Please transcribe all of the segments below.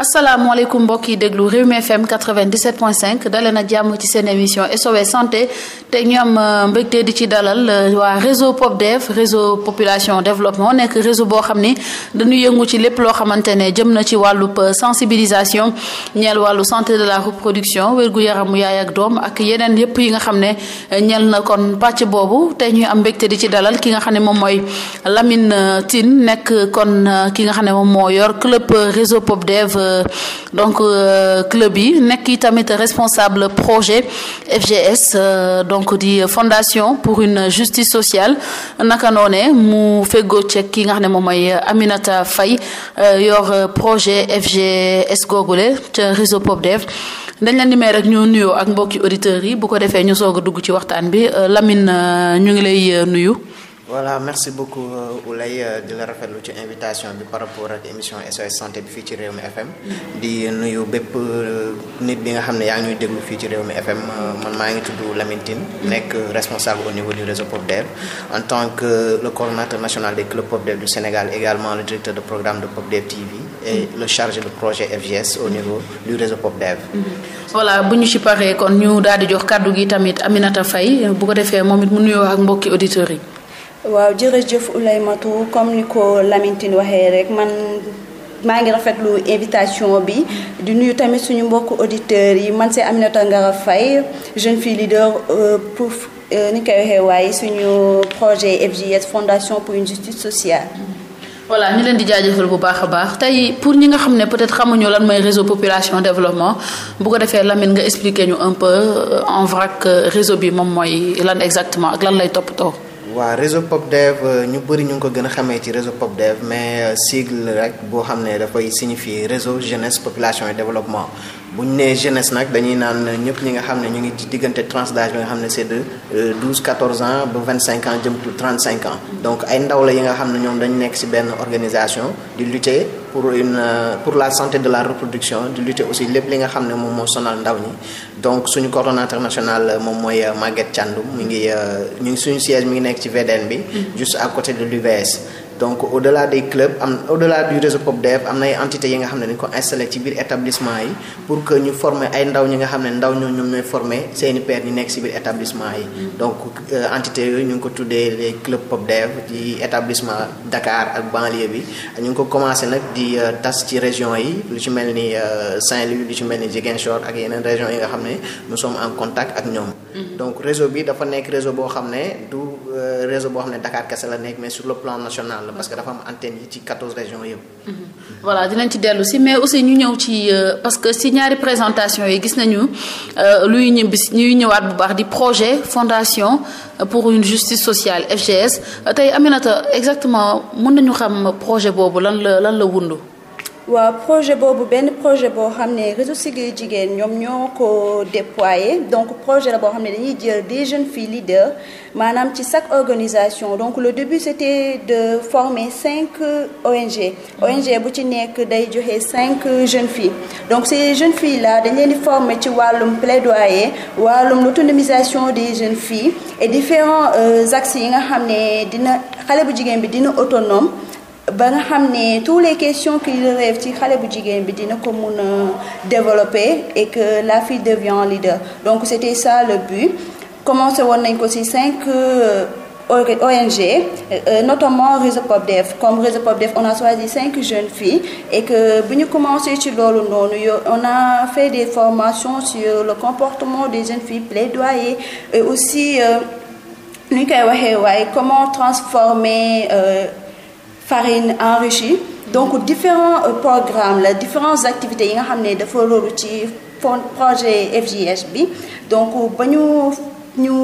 asalaamaaleykum mbokk yi déglu Rewmi FM 97.5 dalee na jàmm ci seen émission SOS santé te ñu am euh, mbégte di ci dalal euh, waa réseau POPDEV réseau population développement nekk réseau boo xam ni dañu yëngu ci lépp loo xamante ne jëm na ci wàllu euh, sensibilisation ñeel wàllu santé de la reproduction wérgu yaramu yaay ak doom ak yeneen yépp yi nga xam ne ñeel na kon pàcc boobu te ñu am mbégte di ci dalal ki nga xam ne moom mooy Lamine Tine nekk kon ki nga xam ne moom moo yor club réseau POPDEV. Euh, donc euh, club yi nekk yi tamit responsable projet FGS euh, donc di fondation pour une justice sociale naka noone mu feggoo ceeg ki nga xam ne moom mooy Aminata Faye yor projet FGS googule ca réseau POPDEV dañ leen di may rek ñu nuyoo ak mbokki auditeurs yi bu ko defee ñu soog a dugg ci waxtaan bi Lamine ñu ngi lay nuyu. voilà merci beaucoup euh, Oulaye euh, di la rafetlu ci invitation bi par rapport ak émission SOS santé bi fii ci réew Rewmi FM. Mm-hmm. di nuyu bépp euh, nit bi nga xam ne yaa ngi ñuy déglu fii ci mi FM man maa ngi tudd Lamine Tine mm-hmm. nekk responsable au niveau du réseau POPDEV en tant que le coordonnateur national des clubs POPDEV du Sénégal également le directeur de programme de POPDEV TV. et mm-hmm. le chargé de projet FGS au niveau du réseau POPDEV. voilà bu ñu ci paree kon ñu daal di jox kàddu gi tamit Aminata Faye bu ko defee moom it mu nuyoo ak mbokki auditeurs yi. waaw jërëjëf matu comme ni ko Lamine waxee rek man maa ngi rafetlu invitation bi di nuyu tamit suñu mbokk auditeurs yi man c'est Aminata Ngara Faye jeune fille leader euh, pour euh, ni koy waxee waaye suñu projet FJS fondation pour une justice sociale. voilà ñu leen di jaajëfal bu baax a baax tey pour ñi nga xam ne peut-être xamuñu lan mooy réseau population développement bu ko defee Lamine nga expliquer ñu un peu euh, en vrac réseau bi moom mooy lan exactement lan lay toppatoo. waaw réseau PopDev euh, ñu bëri ñu ngi ko gën a xamee ci réseau PopDev mais euh, sigle rek boo xam ne dafay signifier réseau jeunesse population et développement. buñ nee jeunesse nag dañuy naan ñëpp ñi nga xam ne ñu ngi ci diggante tranche d'âge bi nga xam ne c'est de 12 euh, 14 ans ba 25 ans jëm 35 ans donc ay ndaw la yi nga xam ne ñoom dañu nekk ci benn organisation di lutter pour une euh, pour la santé de la reproduction di lutter aussi lépp li nga xam ne moom moo sonal ndaw ñi donc suñu coordonnateur national moom mooy euh, Maguette Thiandoum mu ngi ñu ngi suñu siège mi ngi nekk ci VDN bi mm. juste à côté de l'UVS donc au delà des clubs am au delà du réseau POPDEV am na ay entités yi nga xam ne dañ ko installé ci biir établissement yi pour que ñu former ay ndaw ñi nga xam ne ndaw ñoom ñooy former seeni père ñi nekk ci biir établissement yi donc euh, entité yooyu ñu ngi ko tuddee les clubs POPDEV ci établissement Dakar ak banlieue bi ñu ngi ko commencé nag di euh, tas ci région yi lu ci mel ni euh, Saint-Louis lu ci mel ni Ziguinchor ak yeneen région yi nga xam ne nous sommes en contact ak parce que dafa am antenne yi ci 14 régions yëpp. Mhm. voilà dinañ ci dellu si mais aussi ñu ñëw ci euh, parce que si ñaari présentation yi gis nañu euh, luy ñëw bis ñuy ñëwaat bu baax di projet fondation euh, pour une justice sociale FGS tey Aminata exactement mun nañu xam projet boobu lan la lan la wundu. waaw projet boobu benn projet boo xam ne réseau Siggil Jigéen ñoom ñoo ko déployé donc projet la boo xam ne dañuy jël di jeunes filles leaders maanaam ci chaque organisation donc le début c'était de former cinq euh, ONG. ONG bu ci nekk day joxe cinq euh, jeunes filles donc ces jeunes filles la dañ leen di former ci wàllum plaidoyer wàllum l'autonomisation des jeunes filles et différents euh, axes yi nga xam ne dina xale bu jigéen bi dina autonome. ba nga xam ne tous les questions qui relèvent ci xale bu jigéen bi dina ko mun a développer et que la fille devient leader donc c' était ça le but commencé woon nañ ko ci cinq euh, ONG euh, notamment réseau POPDEF comme réseau POPDEF on a choisi cinq jeunes filles et que bu ñu commencé ci loolu noonu on a fait des formations sur le comportement des jeunes filles plaidoyer et aussi euh, nu ñu koy waxee waaye comment transformer euh, farine enrichie donc différents euh, programmes la différentes activités yi nga xam ne dafa loolu ci fond projet FJH bi donc ba ñu ñu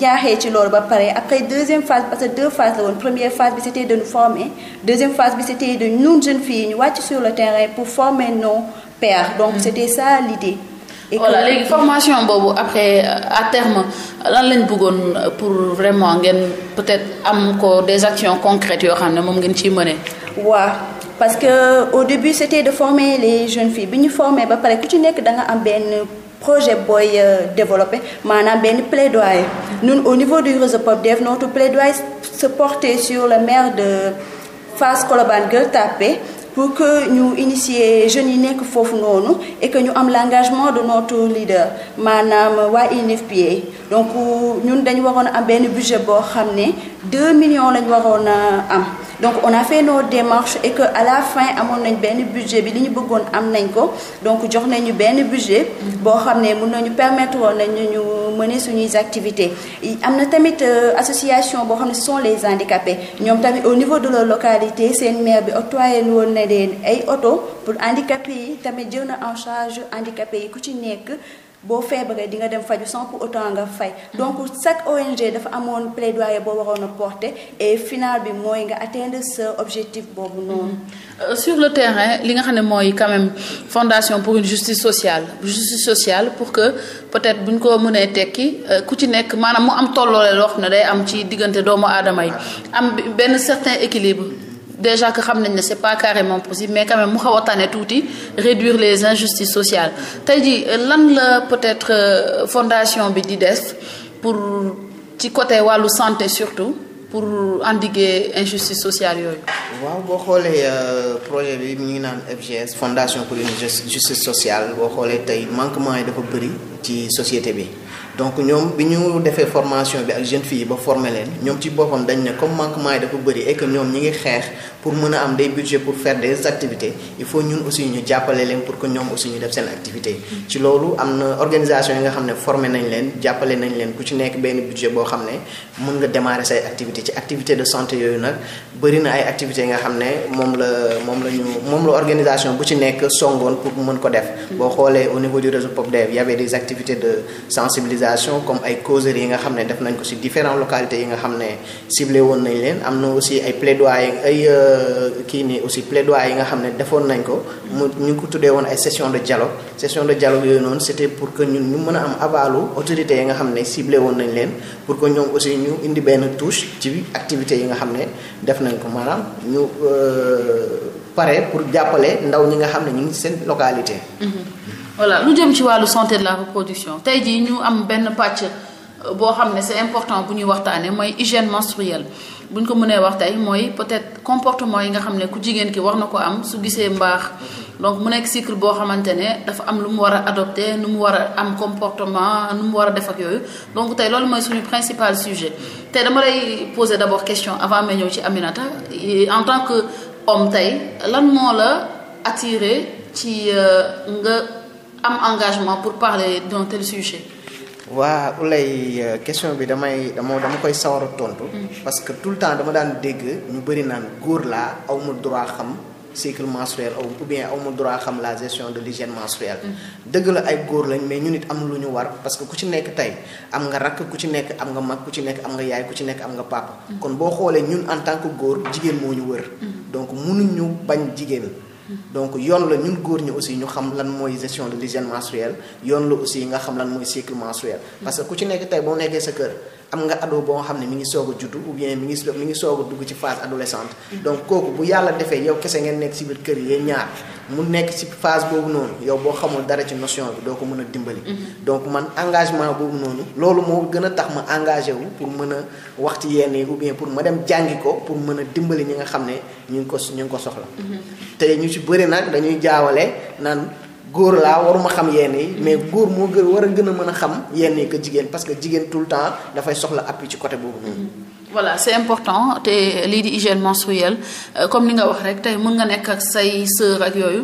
jaaxee ci loolu ba pare après deuxième phase parce que deux phases la woon première phase bi c'était de nous former deuxième phase bi c'était de ñun jeunes filles ñu wàcc sur le terrain pour former nos pères donc mm. c'était ça l'idée voilà léegi formation boobu après euh, à lan lañ bëggoon euh, pour vraiment ngeen peut-être am ko des actions concrètes yoo xam ne moom ngeen ci mëne. waaw parce que euh, au début c'était de former les jeunes fii bi ñu formé ba pare ku ci nekk da am benn. projet booy développé maanaam benn plaidoyer ñun au niveau du réseau POPDEV notre plaidoyer se portait sur le maire de Fass Colobane Gueule Tapée pour que ñu initier jeunes yi nekk foofu noonu et que ñu am l'engagement de notre leader maanaam waa UNFPA donc ñun dañu waroon a am benn budget boo xam ne 2 millions lañu waroon a am. donc on a fait nos démarches et que à la fin amoon nañ benn budget bi li ñu bëggoon am nañ ko donc jox nañu benn budget boo xam ne mun nañu permettre woon nañu ñu mener suñuy activité activités am na tamit euh, association boo xam ne ce les handicapés ñoom tamit au niveau de leur localité seen maire bi octroyé woon na leen ay oto pour handicapés yi tamit jël na en charge handicapés yi ku ci nekk boo feebaree di nga dem faju sans pour autant nga fay donc chaque ONG dafa amoon plaidoyer boo waroon a porter et final bi mooy nga atteindre sa objectif boobu noonu. Euh, sur le terrain li nga xam ne mooy quand fondation pour une justice sociale justice sociale pour que peut-être buñ ñu ko mënee tekki euh, ku ci nekk maanaam mu am tolloole loo xam ne day am ci diggante doomu aadama yi am benn certain équilibre. déjà que xam nañ ne c'est pas carrément possible mais quand même mu xaw a tane tuuti réduire les injustices sociales tey jii lan la peut-être euh, fondation bi di des pour ci côté wàllu santé surtout pour endiguer injustice sociale yooyu. waaw boo xoolee euh, projet bi ñu ngi naan FGS fondation pour une justice sociale boo xoolee tey manquement yi dafa bëri ci société bi. donc ñoom bi ñu defee formation bi ak jeune fii yi ba forme leen ñoom ci boppam dañ ne comme manquement yi dafa bëri et que ñoom ñi ngi xeex pour mën a am des budgets pour faire des activités il faut ñun aussi ñu jàppale leen pour que ñoom aussi ñu def seen activité ci loolu am na organisation yi nga xam ne formé nañ leen jàppale nañ leen ku ci nekk benn budget boo xam ne mën nga démarrer say activité ci activité de santé yooyu nag bëri na ay activités yi nga xam ne moom la moom la ñu moom la organisation bu ci nekk songoon pour mën ko def boo xoolee au niveau du réseau POPDEV y des activités de sensibilisation communication comme ay causeries yi nga xam ne def nañ ko ci différentes localités yi nga xam ne ciblé woon nañ leen am na aussi ay plaidoyer ay euh, kii nii aussi plaidoyer yi nga xam ne defoon nañ ko mu ñu ko tuddee woon ay session de jalo session de dialogue yooyu noonu c'était pour que ñun ñu mën a am avalu autorités yi nga xam ne ciblé woon nañ leen pour que ñoom aussi ñu indi benn touche ci activités yi nga xam ne def nañ ko maanaam ñu euh, pare pour jàppale ndaw ñi nga xam ne ñu ngi seen localité mm-hmm. voilà lu jëm ci wàllu santé de la reproduction tey jii ñu am benn pàcc euh, boo xam ne c'est important bu ñuy waxtaanee mooy hygiène menstruelle bu ñu ko mënee wax tey mooy peut-être comportement yi nga xam ne ku jigéen ki wax na ko am su gisee mbaax donc mu nekk cycle boo xamante ne dafa am lu mu war a adopté nu mu war a am comportement nu mu war a def yooyu donc tey loolu mooy suñu principal sujet te dama lay poser d'abord question avant ma ñëw ci Aminata en tant que homme tey lan moo la ci euh, nga. am engagement pour parler d'un tel sujet. waa ulay question bi damay dama dama koy sawar a tontu. Mm. parce que tout le temps dama daan dégg ñu bëri naan góor laa aw ma droit xam cycle menstruel ou bien aw ma droit xam la gestion de l'hygiène menstruelle. Mm. dëgg la ay góor lañ mais ñu nit am lu ñu war parce que ku ci nekk tey am nga rakk ku ci nekk am nga mag ku ci nekk am nga yaay ku ci nekk am nga papa. Mm. kon boo xoolee ñun en tant que góor jigéen moo ñu wër. donc mënuñu bañ jigéen. donc yoon la ñun góor ñi aussi ñu xam lan mooy gestion de l'hygiène menstruelle yoon la aussi nga xam lan mooy cycle menstruel. parce que ku ci nekk tey boo nekkee sa kër am nga ado boo xam ne mi ngi soog a juddu ou bien mi ngi mi dugg ci phase adolescente. donc kooku bu yàlla defee yow kese ngeen nekk si biir kër yi ñaar mu nekk si phase boobu noonu yow boo xamul dara ci notion bi doo ko mën a dimbali. Mm-hmm. donc man engagement boobu noonu. loolu moo waxtu yenn yi ou bien pour ma dem jàngi ko pour mën a dimbali ñi nga xam ne ñu ngi ko ñu ngi ko soxla. Mm-hmm. te ñu ci bëri nag dañuy jaawale naan góor laa waruma xam yenn yi. mais mm-hmm. góor moo gën war a gën a mën a xam yenn yi que jigéen parce que jigéen tout le temps dafay soxla appui ci côté boobu noonu. Mm-hmm. voilà c'est important te lii di hygiène menstruelle euh, comme ni nga wax rek tey mën nga nekk say sœur ak yooyu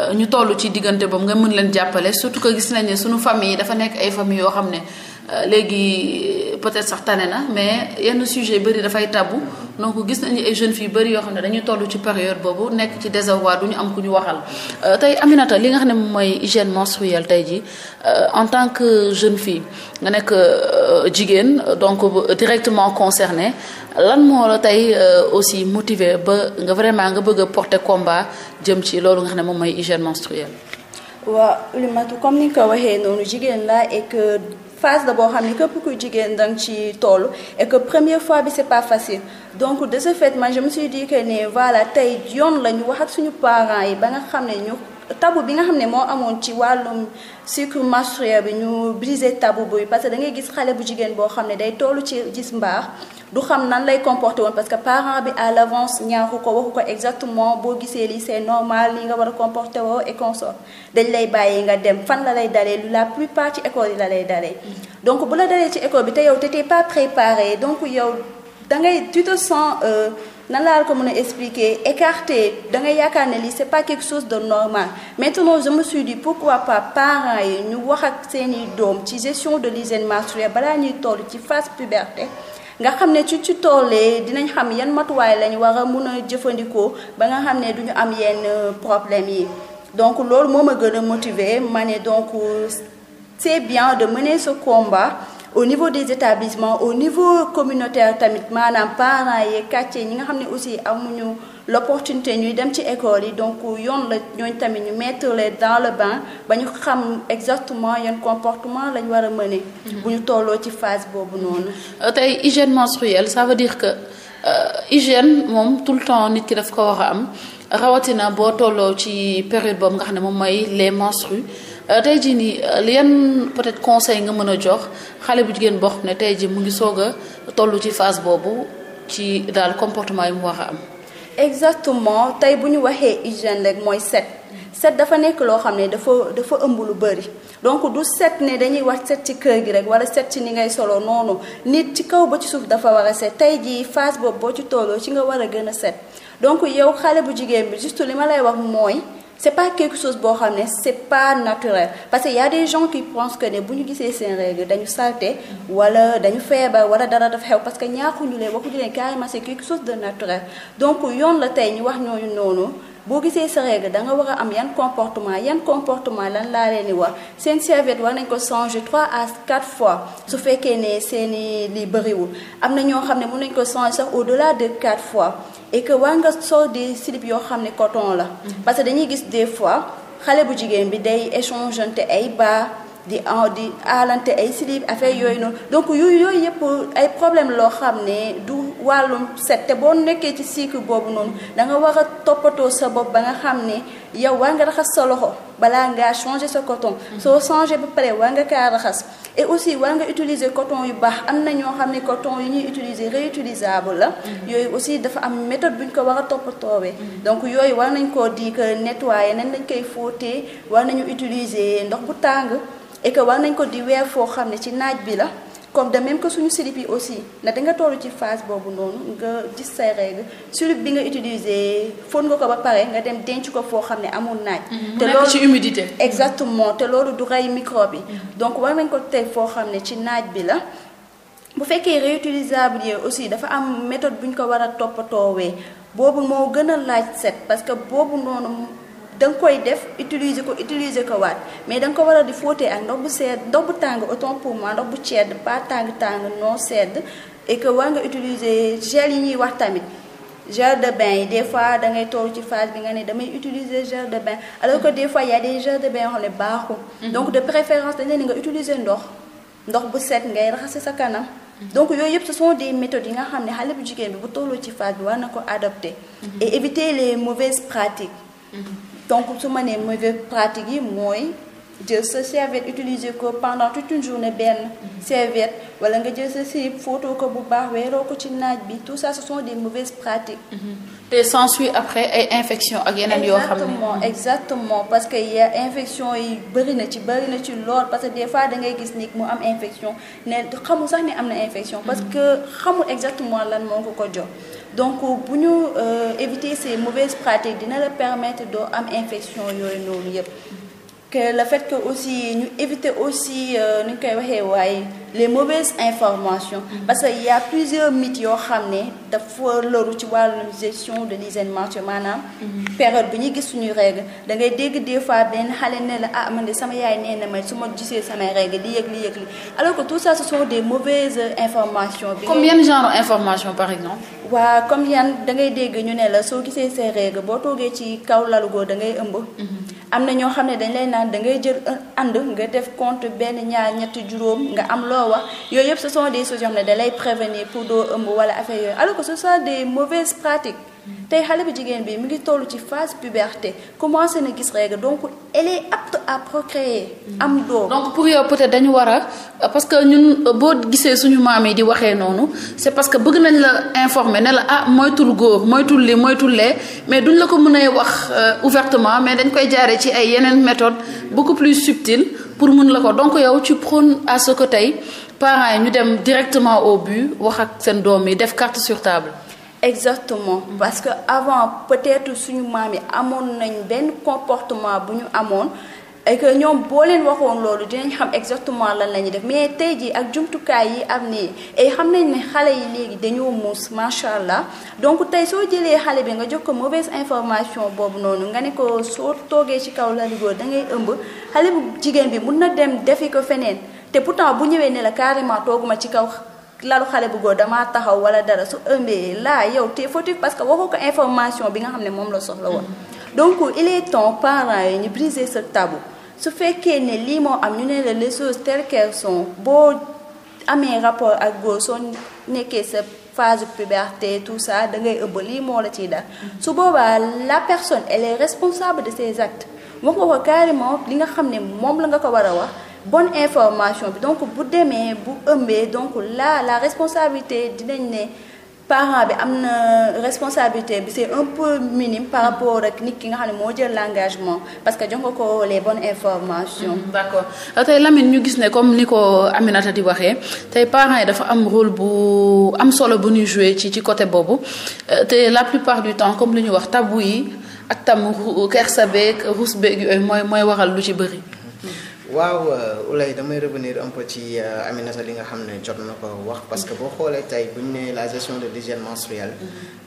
euh, ñu tollu ci diggante boobu nga mën leen jàppale surtout que gis nañ ne suñu famille dafa nekk ay famille yoo xam ne. Euh, léegi euh, peut-être sax tane na mais yenn sujet bëri dafay tabou donc gis nañu ay jeunes filles bëri yoo xam ne dañuy tollu ci période boobu nekk ci désarroi du ñu am ku ñu waxal euh, tey Aminata li nga xam ne mooy hygiène menstruelle tey ji en tant que jeune fii nga nekk jigéen donc directement concerné lan moo la tey aussi motivé ba nga vraiment nga bëgg a porter combat jëm ci loolu nga xam ne moom mooy hygiène menstruelle. waaw Oulimatou comme ni nga ko phase la boo xam ne képp ku jigéen danga ci toll et que première fois bi c'est pas facile donc de ce fait man je me ne voilà tey yoon la ñu wax ak suñu parents yi ba nga xam ne ñu. tabou bi nga xam ne moo amoon ci wàllum cycle menstruel bi ñu briser tabou bi parce que da ngay gis xale bu jigéen boo xam ne day toolu ci gis mbaax du xam nan lay comporté woon parce que parent bi à l'avance ñaaxu ko waxu ko exactement boo gisee lii c'est normal li nga war a comporté woo et consort dañ lay bàyyi nga dem fan la lay dalee la part ci école yi la lay dalee donc bu la dalee ci école bi te yow t'étais pas préparé donc yow da ngay tu nan laa ko mën a expliquer écarté da nga yaakaar ne lii c'est pas quelque chose de normal maintenant je me suis dit pourquoi pas parents yi ñu wax ak seeni doom ci gestion de l'hygiène menstruelle balaa ñuy toll ci phase puberté nga xam ne ci ci tollee dinañ xam yan matuwaay lañ war a mën a jëfandikoo ba nga xam ne du ñu am yenn problème yi donc loolu moom ma gën a motiver ma ne donc euh, c'est bien de mener ce combat au niveau des établissements au niveau communautaire tamit maanaam parents yi quartier ñi nga xam ne aussi amuñu l'opportunité ñuy dem ci école yi donc yoon la ñooñ tamit ñu mettre les dans le bain ba ñu xam exactement yoon comportement lañ war a mëne mhm. bu ñu tolloo ci phase boobu noonu. Euh, tey hygiène menstruelle ça veut dire que euh, hygiène moom tout le temps nit ki daf ko war a am rawatina boo tolloo ci période boobu nga xam ne moom mooy les menstrues. Euh, tey jii nii euh, yan peut-être conseil nga mën a jox xale bu jigéen boo xam ne tey jii mu ngi soog a toll ci phase boobu ci daal comportement yi mu war a am. exactement tey bu ñu waxee hygiène rek mooy set set dafa nekk loo xam ne dafa dafa ëmb lu bëri donc du set ne dañuy wax set ci kër gi rek wala set ci ni ngay solo noonu nit ci kaw ba ci suuf dafa war a set tey jii phase boobu boo ci tolloo ci nga war a gën a set donc yow xale bu jigéen bi juste li ma lay wax mooy. c'est pas quelque chose boo xam ne c'est pas naturel parce que y a des gens qui pensent que ne bu ñu gisee seen règle dañu salte wala dañu feebar wala dara def xew parce que ñaaxuñu leen waxuñu leen carrément c'est quelque chose de naturel donc yoon la tey ñu wax ñooñu noonu boo gisee sa règle da war a am yan comportement yan comportement lan laa leen di wax seen serviette war nañ ko changer 3 à quatre fois su fekkee ne seen i li bëriwul am na ñoo xam ne mun nañ ko changer sax de la de 4 fois et que war nga sol des slip yoo xam ne coton la mm-hmm. parce que dañuy gis des fois xale bu jigéen bi day échangeante ay bas di en ah, di aalante ay slip affaire yooyu noonu donc yooyu yooyu yëpp ay problème loo xam ne du wàllum set te boo nekkee ci cycle boobu noonu da nga war a toppatoo sa bopp ba nga xam ne yow war nga raxas sa loxo balaa ngaa changer sa coton. Mm-hmm. soo changer ba paree war nga kaa raxas. et aussi war nga utiliser coton yu baax am na ñoo xam ne coton yi ñuy utiliser réutilisable la. Mm-hmm. yooyu aussi dafa am méthode bu ñu ko war a toppatoowee. Mm-hmm. donc yooyu war nañ koo di que nettoyer nañ lañ koy fóotee war nañu utiliser ndox bu tàng. et war nañ ko di weer foo xam ne ci naaj bi la comme de ko suñu slip yi aussi na da nga toll ci phase boobu noonu nga gis say règle slip bi nga utiliser fóot nga ko ba pare nga dem denc ko foo xam ne amul naaj. Mhm, te loolu ci humidité. exactement te loolu du rey microbe yi. Mhm. donc war nañ ko teg foo xam ne ci naaj bi la. bu fekkee réutilisable yi aussi dafa am méthode bu ñu ko war a toppatoo wee boobu moo gën a laaj set parce que boobu noonu. da nga koy def utiliser ko utiliser ko waat mais da nga ko war a di fóotee ak ndox bu sedd ndox bu tàng autant pour moi ndox bu sedd pas tàng tàng non sedd et que war nga utiliser gel yi ñuy wax tamit gel de bain yi des fois da ngay ci phase bi nga ne damay utiliser gel de bain alors que des fois y a des gels de bain yoo xam ne baaxul. Mm-hmm. donc de préférence dañ ne nga utiliser ndox ndox bu set ngay raxase sa kanam. Mm-hmm. donc yooyu yëpp soo sont des méthodes yi nga xam ne xale bu jigéen bi bu tolloo ci phase war na ko adopter. Mm-hmm. et éviter les mauvaises donc su ma nee mauvaise pratique yi mooy jël sa serviette utiliser ko pendant toute une ne benn serviette wala nga jël sa slip photo ko bu baax weeroo ko ci naaj bi tout ça ce sont des mauvaises pratiques mm-hmm. te s'ensuit après ay infection ak yeneen yoo xam ne exactement exactement parce que y infection yi bëri na ci bëri na ci lool parce que des fois da ngay gis nit mu am infection ne xamul sax ni am na infection parce mm-hmm. que xamul exactement lan moo ko ko jox donc bu ñu euh, éviter ces mauvaises pratiques dina la permettre doo am infection yooyu noonu yëpp que le fait que aussi ñu éviter aussi euh, nu ñu koy waxee waaye les mauvaises information mm-hmm. parce que ya y plusieurs mythes yoo xam ne dafa loru ci wàllum gestion de l'hygiène menstruelle maanaam mm-hmm. période bi ñu gis suñuy règle da ngay dégg des fois benn xale ne la ah man de sama yaay nee na ma su ma gisee samay règle li yëg li yëg li alors que tout ça ce sont des mauvaises informations bi comme yan genre information par exemple waa comme yan da ngay dégg ñu ne la soo gisee say règle boo toogee ci kaw da ngay ëmb mm-hmm. am na ñoo xam ne dañ lay naan da ngay jël ànd nga def compte benn ñaar ñett juróom nga am loo wax yooyu yëpp ce sont des choses yoo xam ne da lay prévenir pour doo ëmb wala affaire yooyu alors que ce sont des mauvaises tey xale bu jigéen bi mu ngi tollu ci phase puberté commencé na gis règle donc elle est apte procréer. am mm-hmm. doom donc pour yow peut-être dañu war a parce que ñun euh, boo gisee suñu maam yi di waxee noonu c'est parce que bëgg nañ la informer ne la ah moytul góor moytul li moytul le mais duñ la ko mën a wax euh, ouvertement mais dañ koy jaaree ci ay yeneen méthode beaucoup plus subtile pour mun la ko donc yow ci prône à ce tey parent yi ñu dem directement au but wax ak seen doom yi def carte sur exactement parce que avant peut suñu maam yi amoon nañ benn comportement bu ñu amoon et que ñoom boo leen waxoon loolu dinañ xam exactement lan la ñuy def mais tey jii ak jumtukaay yi am nii et xam nañ ni xale yi léegi dañoo muus macha allah donc tey soo jëlee xale bi nga jox ko mauvaise information boobu noonu nga ne ko soo toogee ci kaw la rigóor da ngay ëmb xale bu jigéen bi mun na dem defi ko feneen te pourtant bu ñëwee ne la carrément tooguma ci kaw lalu xale bu góor damaa taxaw wala dara su ëmbee laa yow te fautif parce que waxu ko information bi nga xam ne moom la soxla woon mm. donc il est yi ñu briser ce tabou su fekkee ne lii moo am ñu ne la les choses telles qu'elles boo amee rapport ak góor soo nekkee sa phase puberté tout ça da ngay ëbb lii moo la ciy dal mm. su boobaa la personne est responsable de ses actes wax nga ko li nga xam ne moom la nga ko war a wax bonne information bi donc bu demee bu ëmbee donc la la responsabilité dinañ ne parent bi am na responsabilité bi c'est un peu minime par rapport ak nit ki nga xam ne moo jël l'engagement parce que jox nga ko les bonnes informations. Mm, d'accord tey Lamine ñu gis ne comme ni ko Aminata di waxee tey parent yi dafa am rôle bu am solo bu nuy jouer ci ci côté boobu euh, te la plupart du temps comme lu ñu wax tabu yi ak tam kersa beeg rus beeg yooyu mooy mooy lu ci bëri. waaw euh, Oulaye damay revenir un peu ci euh, Aminata li nga xam ne jot na ko wax parce que boo xoolee tey bu ñu nee la gestion de l'hygiène menstruelle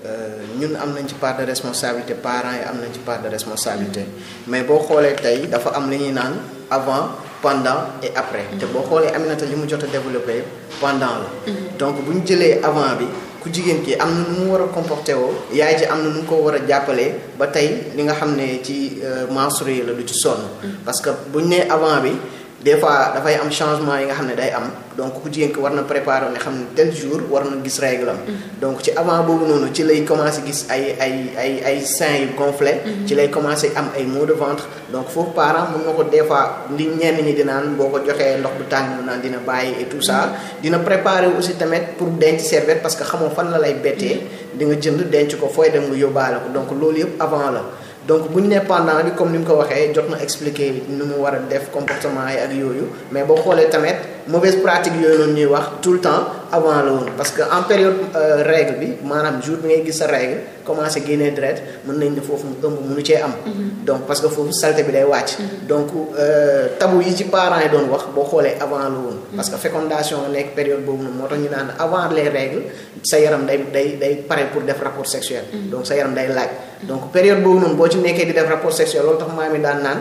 euh, ñun am nañ ci part de responsabilité parent yi am nañ ci part de responsabilité mais boo xoolee tey dafa am li ñuy naan avant pendant et après te boo xoolee Aminata li mu jot a développé pendant la mm-hmm. donc bu ñu jëlee avant bi ku jigéen ki am na nu mu war a comporté woo yaay ji am na nu mu ko war a jàppalee ba tey li nga xam ne ci euh, menstrué la du ci sonn mm. parce que buñ ne avant bi des fois dafay am changement yi nga xam ne day am donc ku jigéen ki war na préparer ne xam ne tel jour war na gis règle am mm-hmm. donc ci avant boobu noonu ci lay commencé gis ay ay ay ay seins yu gonflé mm-hmm. ci lay commencé am ay maux de ventre donc foofu parent mën na ko des fois li ñenn ñi di naan boo ko joxee ndox bu tàng mu naan dina bàyyi et tout ça mm-hmm. dina préparer aussi tamit pour denc serviette parce que xamoo fan la lay bettee di nga jënd denc ko fooy dem nga yóbbaale ko donc loolu yëpp avant la donc bu ñu nee pendant ni comme ni mu ko waxee jot na expliquer nu mu war a def comportement yi ak yooyu mais boo xoolee tamit. mauvaise pratique yooyu noonu ñuy wax tout le temps avant la woon parce que en période euh, règle bi maanaam jour bi ngay gis sa règle commencé génnee deret mën nañ ne foofu ëmb mënu cee am. Mm-hmm. donc parce que foofu saleté bi day wàcc. Mm-hmm. donc euh, tabou yi ci parents yi doon wax boo xoolee avant la woon. Mm-hmm. parce que fécondation nekk période boobu noonu moo tax ñu naan avant les règles sa yaram day day day pare pour def rapport sexuel. donc sa yaram day laaj. donc période boobu boo ci nekkee di def rapport sexuel loolu tax maam daan naan.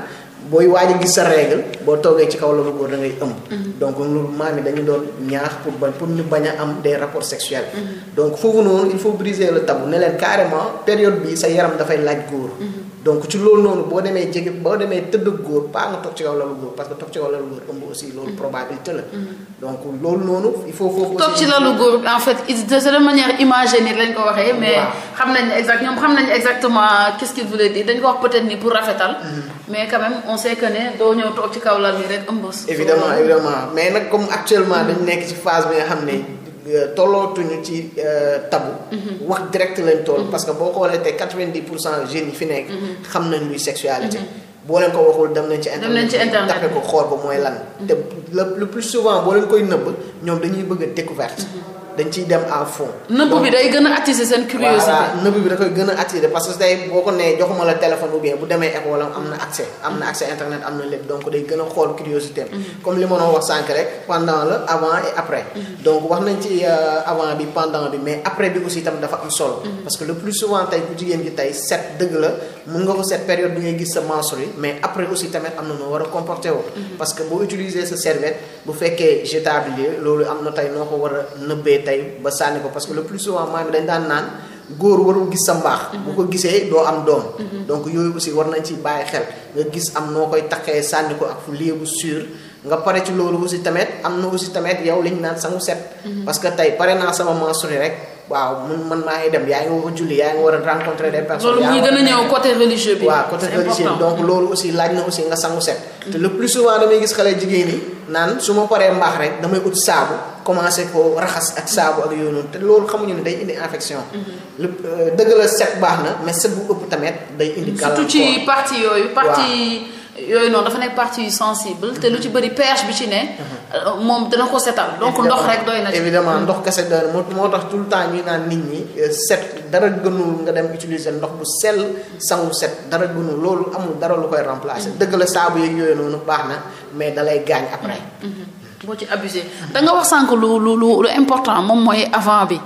booy waaj a gis sa règle boo toogee ci kaw la bu góor da ëmb. Mm-hmm. donc loolu maam yi dañu doon ñaax pour ba pour ñu bañ a am des rapports sexuels. Mm-hmm. donc foofu noonu il faut briser le tabou ne leen carrément période bi sa yaram dafay laaj góor. Mm-hmm. donc ci loolu noonu boo demee jege boo demee tëdd góor pas nga toog ci kaw lalu góor parce que toog ci kaw lalu góor ëmb aussi loolu mm. probabilité la. Mm. donc loolu noonu il faut foofu. toog ci lalu góor en fait de cette manière imagée nii ko waxee. mais xam nañ ne exact ñoom xam nañ exactement qu'est-ce qu'il voulait dire dañ ko wax peut-être ni pour rafetal. Mm. mais quand même on sait que ne doo ñëw toog ci kaw lal bi rek ëmb. évidemment évidemment mais nag nekk ci phase bi nga xam Euh, tollootuñu ci euh, tabu. Mhm. wax direct lañ toll. Mhm. parce que boo xoolee te quatre-vingt-dix pour cent jeunes yi fi nekk. Mhm. xam nañ luy sexualité. boo leen ko waxul dem nañ ci internet tappe ko xool ba mooy lan. te le plus souvent boo leen koy nëbb ñoom dañuy bëgg a découverte. dañ ciy dem en fond. nëbb bi day gën a attiser seen curiosité. voilà nëbb bi da gën a attiser parce que tey boo ko nee joxuma la téléphone ou bu demee école am na accès am na accès internet am na lépp donc day gën a xool curiosité mhm. comme li ma doon wax sànq rek pendant la avant et après. Mhm. donc wax nañ ci euh, avant bi pendant bi mais après bi aussi itam dafa am solo. Mhm. parce que le plus souvent tey ku jigéen gi tey set dëgg la mun nga ko set période bi ngay gis sa menstrues yi mais après aussi tamit am na noo war a comporter woo. parce boo utiliser sa serviette bu fekkee jetable loolu am na tey noo ko war a nëbbee tey ba sànni ko parce que le plus souvent maam dañ daan naan góor warul gis sa mbaax. bu ko gisee doo am doom. Mhm. donc yooyu aussi war nañ ci bàyyi xel nga gis am noo koy taqee sànni ko ak fu léebu sûr. nga pare ci loolu aussi tamit am na aussi tamit yow liñ naan sangu set. Mhm. parce que tey pare naa sama menstrué rek waaw mun man maa ngi dem yaa ngi war a julli yaa ngi war a rencontrer des personnes. loolu muy gën a ñëw côté religieux bi. Mhm. aussi laaj na aussi nga sangu set. Mhm. te le plus souvent damay gis xale jigéen yi naan su ma paree mbaax rek damay ut saabu commencé ko raxas ak saabu ak yooyu te loolu xamuñu ne day indi infection. lu euh, dëgg la set baax na mais set bu ëpp tamit day indi. gàllankoor surtout ci parti yooyu parti. yooyu noonu dafa nekk partie sensible te lu ci bëri pH bi ci ne. Euh, moom dana ko setal. donc ndox rek doy na ci. évidemment ndox kese doy na moo moo tax tout le temps ñuy naan nit ñi euh, set dara gënul nga dem utiliser ndox bu sell sangu set dara gënul loolu amul dara lu koy remplacer. Mm-hmm. dëgg la saabu yeeg yooyu noonu baax na mais dalay gaañ après. moo mm-hmm. ci abusé da nga wax sànq lu lu lu important moom mooy avant bi.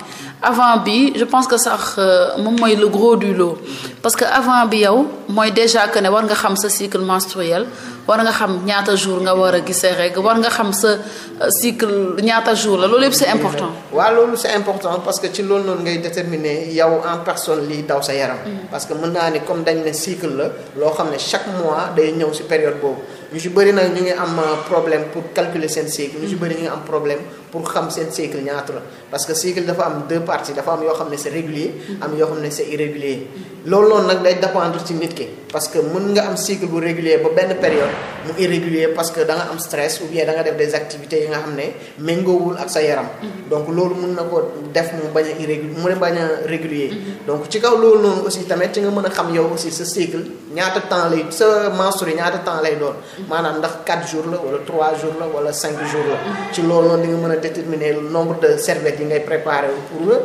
avant bi je pense que sax euh, moom mooy le gros du loo parce que avant bi yow mooy déjà que ne war nga xam sa cycle menstruel war nga xam ñaata jour nga war a gisee rek war nga xam sa euh, cycle ñaata jour la loolu yëpp c'est important. waaw loolu c'est important parce que ci loolu noonu ngay déterminer yow en personne liy daw sa yaram. Mm. parce que mën naa ni comme dañ ne cycle la loo xam ne chaque mois day ñëw si période boobu. ñu si bëri nag ñu ngi am euh, problème pour calculer seen cycle ñu ci bëri ñu am problème pour xam seen cycle ñaata la parce que cycle dafa am deux parties dafa am yoo xam ne c'est régulier am yoo xam ne c'est irrégulier loolu noonu nag day dépendre ci nit ki parce que mën nga am cycle bu régulier ba benn période mu irrégulier parce que danga am stress ou bien da nga def des activités yi nga xam ne méngoowul ak sa yaram. Mhm. donc loolu mun na ko def mu bañ a irrégulier mu bañ a mhm. donc ci kaw loolu noonu aussi tamit ci nga mën a xam yow aussi sa cycle ñaata temps lay sa menstrues ñaata temps lay doon. Mhm. maanaam ndax 4 jours la wala 3 jours la wala cinq jours la. ci loolu noonu mën a déterminer le nombre de serviettes ngay préparer pour.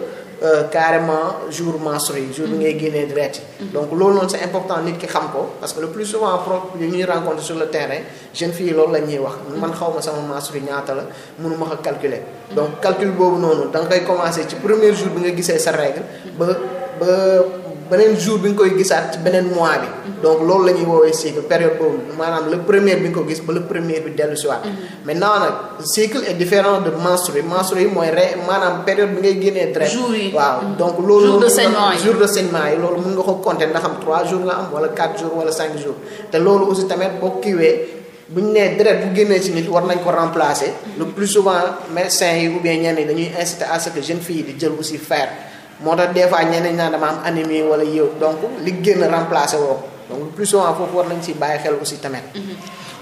Euh, carrément jour menstrué yi jour bi ngay mm-hmm. génnee deret yi mm-hmm. donc loolu noonu c'est important nit ki xam ko parce que le plus souvent propre yi ñuy rencontre sur le terrain jeune fille loolu la ñuy wax mm-hmm. man xaw ma sama menstrué ñaata la mënu ma ko calculer donc calcul boobu noonu da nga koy commencer ci premier jour bi nga gisee sa règle ba ba beneen jour bi nga koy gisaat ci beneen mois bi. donc loolu la ñuy woowee cycle période boobu maanaam le premier bi nga ko gis ba la première bi dellu si waat. Mm-hmm. maintenant nag cycle est différent de menstrues menstrues yi mooy re maanaam période bi ngay génnee dret. jour yi waaw mm-hmm. donc loolu. jour de saignement yi yi loolu mën nga ko compter ndax xam 3 jours nga am wala 4 jours wala 5 jours te loolu aussi tamit boo kiiwee. bu ñu nee deret bu génnee ci nit war nañ ko remplacer. Mm-hmm. le plus souvent médecins yi ou bien ñenn yi dañuy à ce que jeunes filles di jël aussi fer. moo tax des fois ñeneen ñaa dama am anémie wala yow donc li génn remplacé woo ko donc le plus foofu war nañ si bàyyi xel aussi tamit. Mhm.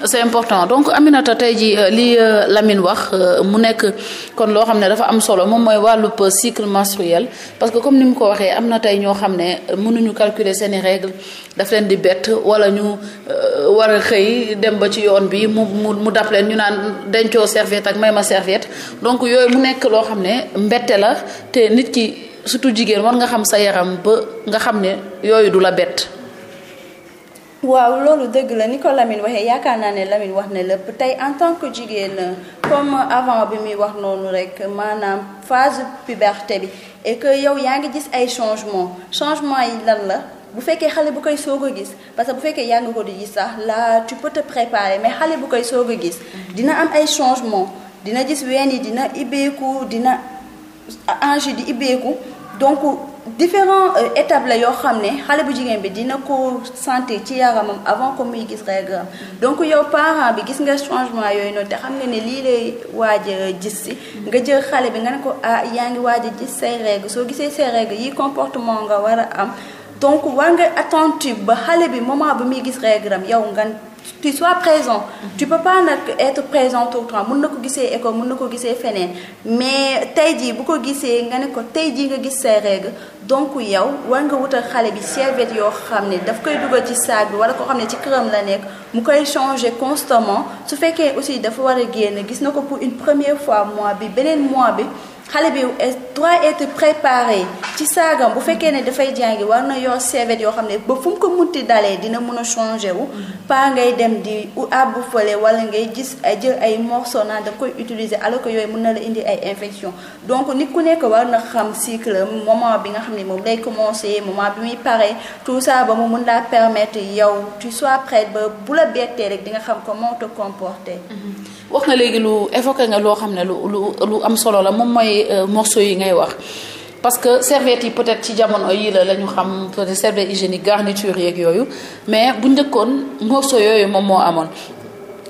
c'est important donc Aminata tey jii euh, li euh, Lamine wax euh, mu nekk kon loo xam ne dafa am solo moom mooy wàllu wàllub cycle menstruel parce que comme ni mu ko waxee am na tey ñoo xam ne mënuñu calculer seeni règles daf leen di bett wala ñu war a xëy dem ba ci yoon bi mu mu mu dab leen ñu naan dencoo serviette ak may ma serviette donc yooyu mu nekk loo xam ne mbette la te nit ki surtout jigéen war nga xam sa yaram ba nga xam ne yooyu du la bett. waaw loolu dëgg la ni ko Lamine waxee yaakaar naa ne lamin wax na lépp tey en tant que jigéen comme avant bi muy wax noonu rek maanaam phase puberté bi et que yow yaa ngi gis ay changement changement yi lan la bu fekkee xale bu koy soog a gis parce que bu fekkee yaa ngi ko di gis sax là tu peux te préparer mais xale bu koy soog a gis dina am ay changement dina gis ween yi dina ibbeeku dina ange di ibbeeku donc différents euh, étapes la yoo xam ne xale bu jigéen bi dina ko sentir ci yaramam avant ko muy gis règlam donc yow parent bi gis nga changement yooyu noonu te xam nga ne lii lay waaj a gis si nga jël xale bi nga ne ko ah yaa ngi waaj a gis say règle soo gisee say règle yi comportement nga war a am donc war nga attentif ba xale bi moment ba muy gis règlam yow nga tu sois présent. tu peux pas nag être présent tout le temps na ko gisee école mun na ko gisee feneen mais tey jii bu ko gisee nga ne ko tey jii nga gis say règle donc yow war nga wutal xale bi serviette yoo xam ne daf koy dugal ci saag bi wala ko xam ne ci këram la nekk mu koy changer constamment su fekkee aussi dafa war a génn gis na ko pour une première fois mois bi beneen mois bi. xale bi eh, doit être préparé ci saagam bu fekkee ne dafay jàngi war na yor serviette yoo xam ne ba fu mu ko ti dalee dina mun a changé wu mm-hmm. pas ngay dem di u àbbu fële wala ngay gis ay eh, jël ay morceau naan da koy utiliser alors que yooyu mun na la indi ay infection donc nit ku nekk war na xam cycle moment bi nga xam ne moom lay commencé moment bi muy pare tout saaba ba mu mun laa permettre yow tu sois près ba bu la bettee rek di nga xam ko te comporter. Mm-hmm. wax loo xam ne lu lu lu am solo la mooy euh, morceau yi ngay wax parce que serviette yi peut-être ci jamono yi la la ñu xam peut-être serviette hygiénique garniture yeeg yooyu mais bu njëkkoon morceau yooyu moom moo amoon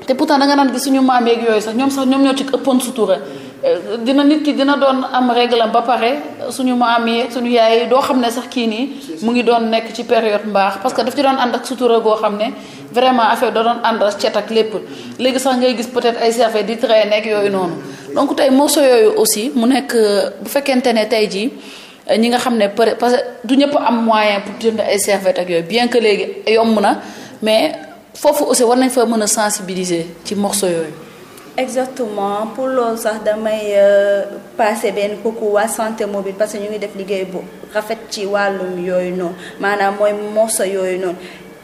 te pourtant da nga naan gi suñu maam yeeg yooyu sax ñoom sax ñoom ñoo ci ëppoon sutura dina nit ki dina doon am règle ba pare suñu maam yi suñu yaay doo xam ne sax kii nii mu ngi doon nekk ci période mbaax parce que daf ci doon ànd ak sutura goo xam ne vraiment affaire da doon ànd ak cet ak lépp léegi sax ngay gis peut-être ay serfe di train nekk yooyu noonu donc tey morceau yooyu aussi mu nekk bu fekkente ne tey jii ñi nga xam ne peut parce que du ñëpp am moyen pour jënd ay serviette ak yooyu bien que léegi yomb na mais foofu aussi war nañ fa mën a sensibiliser ci morceau yooyu exactement pour loolu sax damay euh, passé benn coucou waa santé mobile parce que ñu ngi def liggéey bu rafet ci wàllum yooyu noonu maanaam mooy morceau yooyu noonu.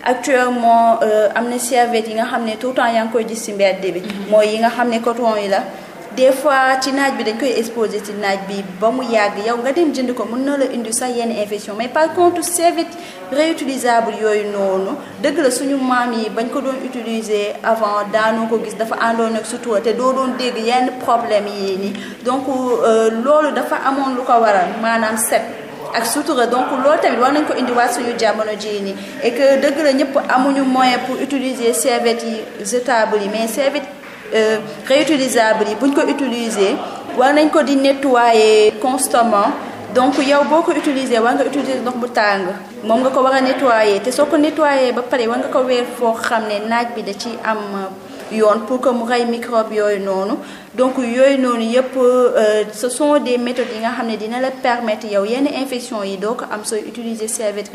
actuellement euh, am na serviette yi nga xam ne tout le temps yaa ngi koy gis ci mbedd bi. Mm-hmm. mooy yi nga xam ne coton yi la. des fois ci naaj bi dañ koy exposé ci naaj bi ba mu yàgg yow nga dem jënd ko mën na la indi sax yenn infection mais par contre serviette réutilisable yooyu noonu dëgg la suñu maam yi bañ ko doon utiliser avant daanoo ko gis dafa àndoon ak sutura te doo doon dégg yenn problème yii nii donc euh, loolu dafa amoon lu ko waral maanaam set ak sutura donc loolu tamit war nañ ko indi indiwaat suñu jamono jii nii et dëgg la ñëpp amuñu moyen pour utiliser serviettes yi jetables yi mais serviette Euh, réutilisable yi buñ ko utiliser war nañ ko di nettoyer constamment donc yow boo ko utiliser war nga utiliser ndox bu tàng moom nga ko war a nettoyer te soo ko nettoyer ba pare war nga ko weer foo xam ne naaj bi da ci am euh, yoon pour que mu rey microbe yooyu noonu donc yooyu noonu yëpp euh, ce soo des méthodes yi nga xam ne dina la permettre yow yenn infection yi doo ko am sooy utiliser serviette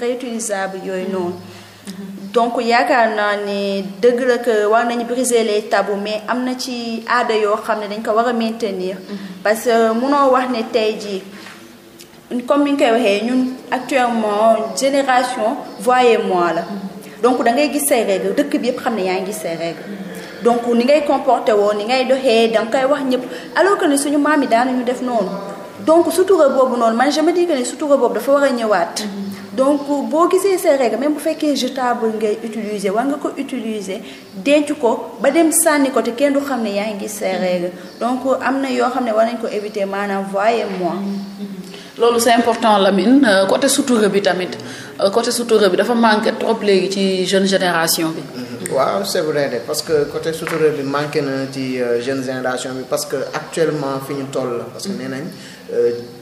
réutilisable yooyu noonu mm-hmm. donc yaakaar naa ne dëgg la que war nañu briser les tabous mais am na ci aada yoo xam ne dañ ko war a maintenir. Mhm. parce que munoo wax ne tey jii. comme ni ñu koy waxee ñun actuellement génération voyez moi la mhm. donc da ngay gis say règles dëkk bi yëpp xam ne yaa ngi gis say règles mhm. donc ni ngay comporté woo ni ngay doxee da nga koy wax ñëpp alors que ne suñu maam yi ñu def noonu donc sutura boobu noonu man je me dis que ne sutura boobu dafa war a ñëwaat. donc boo gisee sa règle même bu fekkee jetable ngay utiliser war nga ko utiliser denc ko ba dem sànni ko te kenn du xam ne yaa ngi gis sa mm-hmm. donc am na yoo xam ne war nañ ko éviter maanaam voyez moi mm-hmm. loolu c'est important Lamine euh, côté sutura bi tamit euh, côté sutura bi dafa manqué trop léegi ci jeune génération bi. Mm-hmm. waaw c'est vrai de parce que côté sutura bi manqué na ci euh, jeune génération bi parce que actuellement fi ñu toll la parce que nee nañ.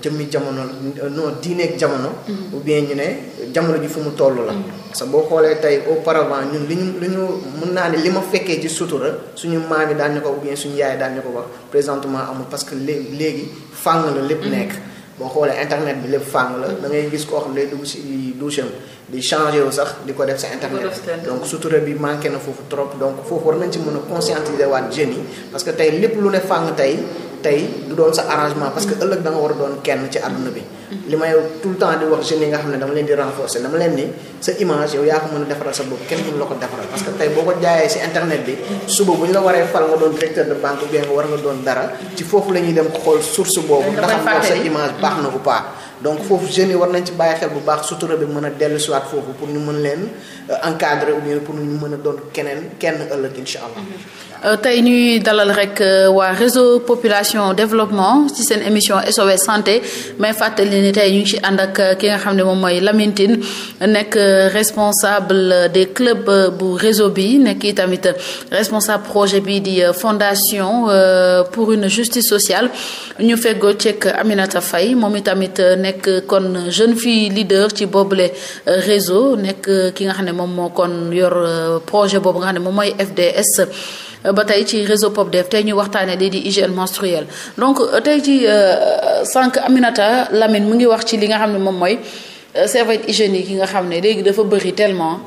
jëmmi jamono la non diineeg jamono. Mm-hmm. ou bien ñu ne jamono ji fu mu toll la. Mm-hmm. parce boo xoolee tey auparavant ñun li ñu li ñu mun naa ne li ma fekkee ci sutura suñu maam yi daan ñu ko ou bien suñu yaay daan ñu ko wax présentement amul parce que léegi léegi fàng la lépp mm-hmm. nekk. boo xoolee internet bi lépp fàng la da ngay gis koo xam ne dugg si douche di changé wu sax di ko def sa internet donc sutura bi manqué na foofu trop donc foofu war nañ ci mën a conscientiser waat jeunes yi parce que tey lépp lu ne fàng tey tey du doon sa arrangement parce que ëllëg danga war a doon kenn ci àdduna bi. li may tout le temps di wax jeunes yi nga xam ne dama leen di renforcer dama leen ni sa image yow yaa ko mën a defaral sa bopp kenn mënu la ko defaral. parce que tey boo ko jaayee si internet bi. suba bu ñu la waree fal nga doon directeur de banque ou bien nga war nga doon dara. ci foofu la ñuy dem xool source boobu. ndax xam nga sa image baax na ou pas. donc foofu jeunes yi war nañ ci bàyyi xel bu baax sutura bi mën a dellu siwaat foofu pour ñu mën euh, pour ñu mën a doon keneen kenn ëllëg incha allah. Euh, tey ñuy dalal rek euh, waa réseau population développement ci seen émission SOS santé may fàttali ni tey ñu ngi ci ànd ak ki nga xam ne moom mooy Lamine nekk responsable des clubs bu réseau bi nekk i tamit responsable projet bi di fondation pour une justice sociale ñu feggoo ceeg Aminata Faye moom itamit kon jeune fille leader ci boobule euh, réseau nekk euh, ki nga xam ne moom moo kon yor euh, projet boobu nga xam ne moom mooy FDS ba tey ci réseau POPDEF tey ñuy waxtaanee lii di hygiène menstruelle donc tey ci sànq Aminata Lamine mu ngi wax ci li nga xam ne moom mooy serviette hygiénique yi nga xam ne léegi dafa bëri tellement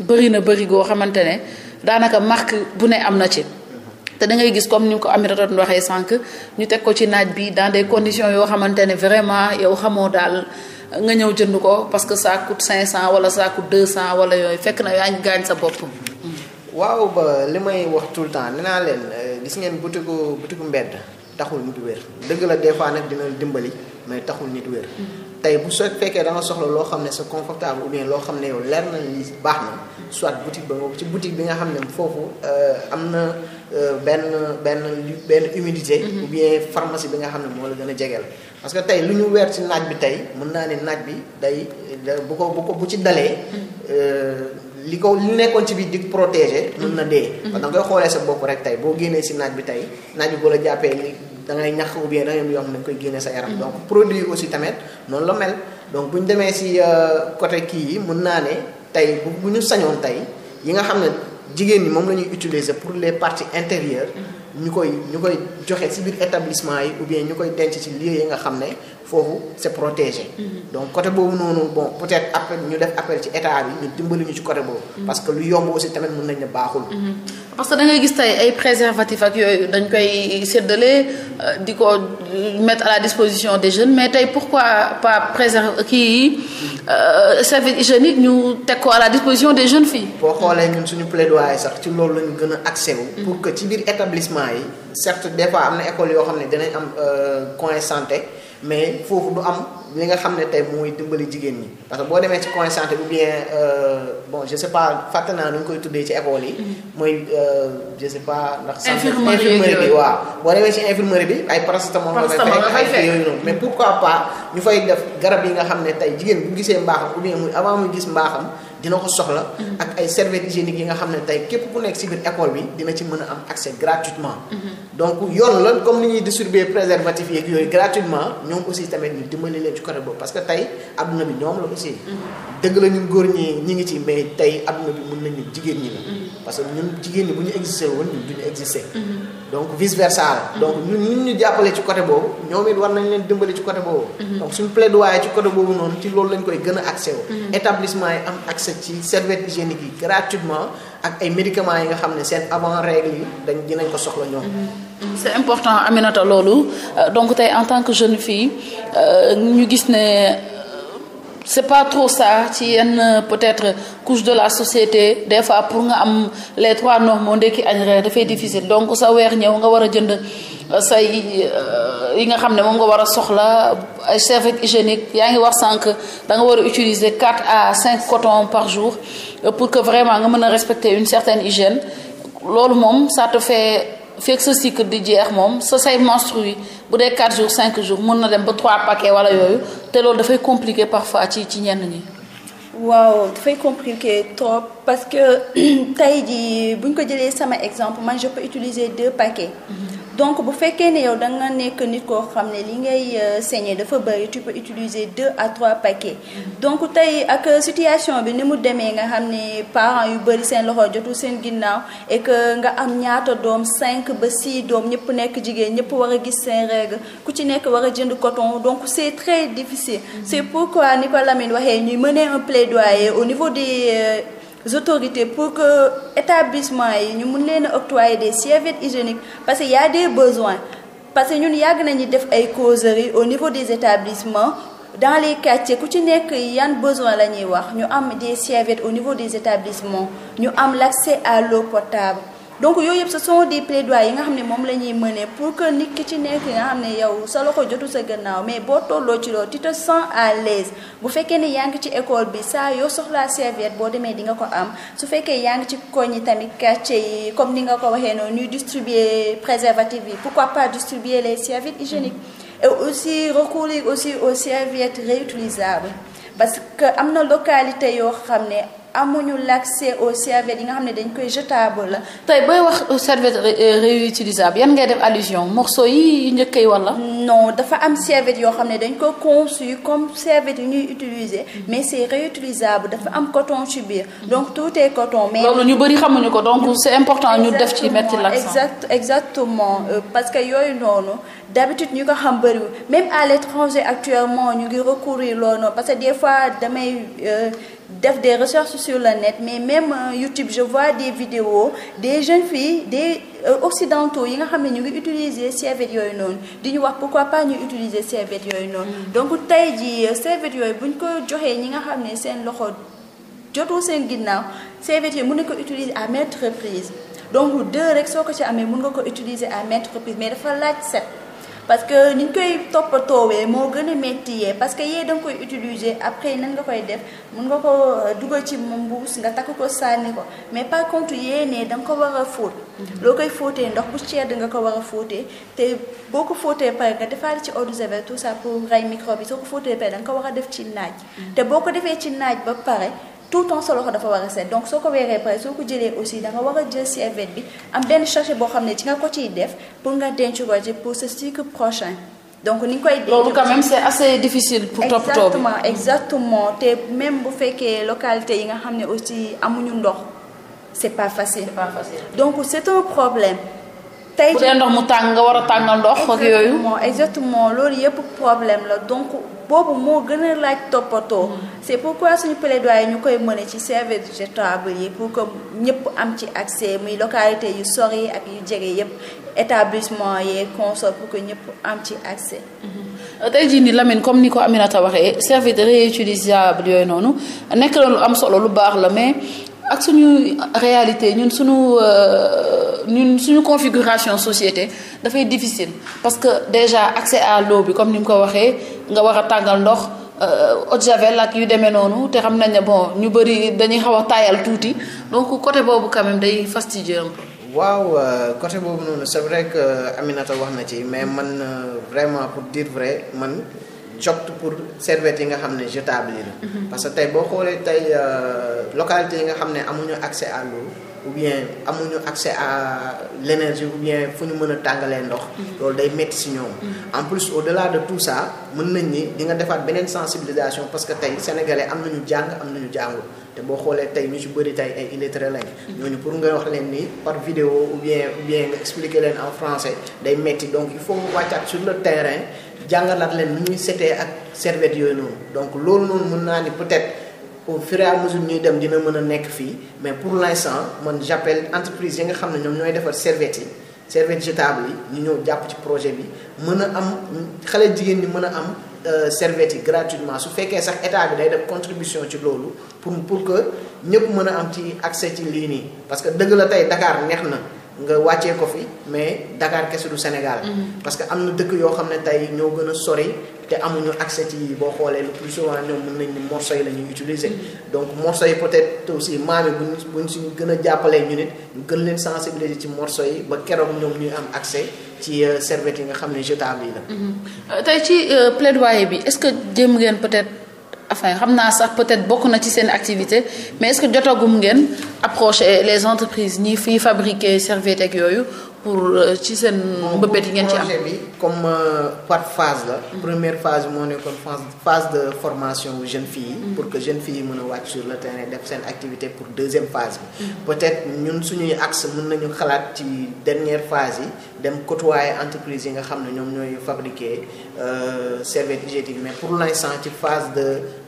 bëri na bëri goo xamante ne daanaka marque bu ne am na ci. te da ngay gis comme ni ko Aminata doon waxee sànq ñu teg ko ci naaj bi dans des conditions yoo xamante ne vraiment yow xamoo daal nga ñëw jënd ko parce que ça coûte 500 wala ça coûte 200 wala yooyu fekk na yaa ngi gaañ sa bopp. waaw ba li may wax tout le temps nee naa leen gis ngeen ko butiku butiku mbedd. taxul nit wér dëgg la des fois nag dina dimbali mais taxul nit wér. Mm-hmm. tey bu soo fekkee da nga soxla loo xam ne sa confortable ou bien loo xam ne yow leer na li baax na soit boutique ba nga ci boutique bi nga xam ne foofu euh, am na euh, benn benn benn humidité. Mm-hmm. ou bien pharmacie bi nga xam ne moo la gën a jegeel parce que tey lu ñu weer ci naaj bi tey mën naa ne naaj bi day bu ko bu ko bu ci dalee. Mm-hmm. Euh, li ko li nekkoon ci biir di protéger. mun na dee. Mhm. kon da ngay xoolee sa bopp rek tey boo génnee si naaj bi tey naaj bi boo la jàppee li da ngay ñax ou bien da yoon yoo xam ne koy génne sa yaram. Mhm. donc produit yi aussi tamit noonu la mel. donc bu ñu demee si euh, côté kii yi mën naa ne tey bu ñu sañoon tey yi nga xam ne jigéen ñi moom la ñuy utiliser pour les parties intérieures. Mhm. ñu koy ñu koy joxe si biir établissement yi ou bien ñu koy denc ci lieux yi nga xam ne. foofu c' est protégé. Mhm. donc côté boobu noonu bon peut-être appel ñu def appel ci état bi ñu dimbali ñu ci côté boobu. Mhm. parce que lu yomb aussi tamit mën nañ ne baaxul. Mhm. parce que da ngay gis tey ay préservatifs ak yooyu dañ koy séddale euh, di ko euh, mettre à la disposition des jeunes mais tey pourquoi pas préserver kii euh, service hygiénique ñu teg ko à la disposition des jeunes filles. boo xoolee ñun suñu plaidoyer sax ci loolu lañu gën a accès wu. pour que ci biir établissement yi certes des fois am na école yoo xam ne danañ am coin santé. mais foofu du am li nga xam ne tey mooy dimbali jigéen ñi parce que boo demee ci coin santé ou bien euh, bon je sais pas fàtte naa nu ñu koy tuddee ci école yi. Mm-hmm. mooy euh, je sais pas ndax. infirmerie bi waaw. boo demee ci infirmerie bi ay paracétamol nga fay fekk yooyu noonu mais pourquoi pas ñu fay def garab yi nga xam ne tey jigéen bu gisee mbaaxam ou bien muy avant muy gis mbaaxam. dina ko soxla. ak ay serviettes hygiéniques yi nga xam ne tey képp ku nekk ci biir école bi dina ci mën a am accès gratuitement. Mhm. donc yoon la comme ni ñuy distribuer préservatif yeeg yooyu gratuitement ñoom aussi tamit ñu dimbali leen ci côté boobu parce que tey adduna bi ñoom la aussi. Mhm. dëgg la ñun góor ñi ñi ngi ci mais tey adduna bi mën nañu jigéen ñi la. Mhm. parce que ñun jigéen ñi bu ñu existé woon ñun du ñu existé. donc vice versa donc ñun ñu jàppale ci côté boobu ñoom it war nañ leen dimbali ci côté boobu. Mhm. donc suñu plaidoyer ci côté boobu noonu ci loolu lañ koy gën a accès wu. Mhm. établissement yi am accès ci serviette hygiénique yi gratuitement ak ay médicaments yi nga xam ne seen avant règle yi dinañ ko soxla ñoom. Mhm. c' est important Aminata loolu euh, donc tey en tant que jeune fille euh, ñu gis ne. c'est pas trop ça ci yenn peut-être couche de la société des fois pour nga am les trois normes ndekki añ reer dafay difficile donc sa weer ñëw nga war a jënd euh, sa euh, yi nga xam ne moom nga war a soxla ay serviettes hygiéniques yaa ngi wax sànq da nga war a utiliser quatre à cinq cotons par jour euh, pour que vraiment nga mën a respecter une certaine hygiène loolu moom ça fait fekk sa cycle di jeex moom sa say menstru yi bu dee 4 jours 5 jours mën na dem ba 3 paquets wala yooyu te loolu dafay compliqué parfois ci ci ñenn ñi. waaw dafay compliqué trop parce que tey jii bu ñu ko jëlee sama exemple man je peux utiliser deux paquets. Mm-hmm. donc bu fekkee ne yow da nga nekk nit koo xam ne li ngay euh, saigner dafa bëri tu peux utiliser deux à trois paquets. Mm-hmm. donc tey ak euh, situation bi ni mu demee nga xam ne parents yu bëri seen loxo jotul seen ginnaaw et que nga am ñaata doom cinq ba six doom ñëpp nekk jigéen ñëpp war a gis seen reg ku ci nekk war a jënd coton donc c'est très difficile. Mm-hmm. c'est pourquoi ni ko Lamine waxee ñuy mener un plaidoyer au niveau des. Euh, autorités pour que établissement yi ñu mun leen a octroyer des serviettes hygiéniques parce que y a des besoins parce que ñun yàgg nañu def ay causeries au niveau des établissements dans les quartiers ku ci nekk yan besoin la ñuy wax ñu am des serviettes au niveau des établissements ñu am l'accès à l'eau potable donc yooyu yëpp ce sont des plaidoyers yi nga xam ne moom la ñuy mener pour que nit ki ci nekk nga xam ne yow sa loxo jotu sa gannaaw mais boo tolloo ci loolu tu te sens à l'aise bu fekkee ne yaa ngi ci école bi saa yoo soxlaa serviette boo demee di nga ko am su fekkee yaa ngi ci koñ yi tamit quartier yi comme ni nga ko waxee noonu ñuy distribuer préservatif yi pourquoi pas distribuer les serviettes hygiéniques et aussi recourir aussi aux serviettes réutilisables parce que am na localité yoo xam ne amuñu l'accès aux serviettes yi nga xam ne dañ koy jetable la. tey booy wax serviette euh, réutilisable yan ngay def allusion morceau yi yu njëkk yi wala. non dafa am serviette yoo xam ne dañ ko conçu comme serviette yu ñuy utiliser mais c'est réutilisable dafa am coton ci biir. donc tout est coton mais. loolu ñu bëri xamuñu ko donc c'est important ñu def ci mettre l'accent exact exactement euh, parce que yooyu noonu d'habitude ñu ko xam bëriwul même à l'étranger actuellement ñu ngi recourir loolu noonu parce que des fois damay. Euh, def des recherches sur le net mais même euh, YouTube je vois des vidéos des jeunes filles des euh, occidentaux yi nga xam ne ñu ngi utiliser serviette yooyu noonu di ñu wax pourquoi pas ñu utiliser serviette yooyu noonu. Mm. donc tey jii euh, serviette yooyu bu ñu ko joxee ñi nga xam ne seen loxo jotul seen ginnaaw serviette yooyu mën na ko utiliser à maintes reprises donc deux rek soo ko ci amee mun nga ko utiliser à maintes reprises mais dafa laaj set. parce que ni ñu koy toppatoowee moo gën a métti yee parce que yee da nga koy utiliser après nan nga koy def mun nga ko euh, dugal ci mbuus nga takk ko sànni ko mais par contre yee ne danga ko war a fóot. loo koy fóotee ndox bu ceeb da nga ko war a fóotee te boo ko fóotee pare nga defaat ci eau de javel tout pour rey microbe bi soo ko fóotee pare danga ko war a def ci naaj. te boo ko defee ci naaj ba pare. tout temps loxo dafa war a set donc soo ko weeree pare soo ko jëlee aussi da war a jël serviette bi am benn sachet boo xam ne ci nga ko ciy def pour nga denc ko ci pour ce cycle prochain. donc ni koy dégg loolu quand même c'est assez difficile. pour exactement te même bu fekkee localité yi nga xam ne aussi amuñu ndox c'est pas facile. donc c'est un problème. tey bu ndox mu tàng war a tàngal ndox ak yooyu. exactement loolu yëpp problème la donc boobu moo gën a laaj toppatoo. Mm. c'est pourquoi suñu plaidoyer ñu koy mëne ci service jetable yi pour que ñëpp am ci accès muy localité yu sori ak yu jege yëpp établissement yeeg console pour que ñëpp am ci accès. Mm-hmm. tey jii nii Lamine comme ni ko Aminata waxee service réutilisable yooyu noonu nekk na lu am solo lu baax la mais. ak suñu réalité ñun suñu euh, ñun suñu configuration société dafay difficile parce que déjà accès à l'eau bi comme ni mu ko waxee nga war a tàggal ndox euh, eau de javel ak yu demee noonu te xam nañ ne bon ñu bëri dañuy xaw a taayal tuuti donc côté boobu quand day fastidieux un peu. waaw euh, côté boobu noonu c'est vrai que Aminata wax na ci mais man vraiment pour dire vrai man. jot pour serviette yi nga xam ne jetable yi la. Mhm. parce que tey boo xoolee tey euh, localité yi nga xam ne amuñu accès à l'eau ou bien amuñu accès à l'énergie ou bien fu ñu mën a tàngalee ndox. Mhm. loolu day metti ci ñoom. Mhm. en plus au la de tout ça mën nañ ni di nga defaat beneen sensibilisation parce que tey sénégalais am na ñu jàng am na ñu jàngul te boo xoolee tey ñu ci bëri tey ay illettrés lañ. ñooñu pour nga wax leen nii par vidéo ou bien ou bien nga expliquer en français day metti donc il faut wàccaat sur le terrain. jàngalaat leen nu ñuy setee ak servet yooyu noonu donc loolu noonu mën naa ni peut-être au fur et ñuy dem dina mën a nekk fii mais pour l'instant man j'appelle entreprise yi nga xam ne ñoom ñooy defar servet yi serviette jetable yi ñu ñëw jàpp ci projet bi mën a am xale jigéen ñi mën a am euh, servet yi gratuitement su fekkee sax état bi day def contribution ci loolu pour pour que ñëpp mën a am ci accès ci lii nii parce que dëgg la tey Dakar neex na nga wàccee ko fi mais Dakar kese du Sénégal. Mm-hmm. parce que am na dëkk yoo xam ne tey ñoo gën a sori te amuñu accès ci boo xoolee le plus souvent ñoom mën nañ ni morceau yi la ñuy utiliser. Mm-hmm. donc morceau yi peut-être aussi maam yi buñ buñ ñu gën a jàppalee ñu nit ñu gën leen sensibiliser ci morso yi ba keroog ñoom ñuy am accès. ci euh, serviette yi nga xam ne jetable yi la. Mm-hmm. Euh, tey ci euh, plaidoyer bi est-ce que jéem ngeen peut-être. enfin xam naa sax peut-être bokk na ci seen activité mais est-ce que jotagum ngeen approcher les entreprises ñi fiy fabriquer serviette ak yooyu pour euh, ci seen. mbëbët yi ngeen ci am bi comme euh, par phase la. Mm-hmm. première phase moo nekkoon phase de formation jeunes filles mm-hmm. pour que jeunes filles yi a wàcc sur le terrain def seen activité pour deuxième phase bi. Mm-hmm. peut ñun suñuy axe mën nañu xalaat ci dernière phase yi dem côtoyer entreprise yi nga xam ne ñoom ñooy fabriquer euh, serviette hygiénique mais pour l'instant ci phase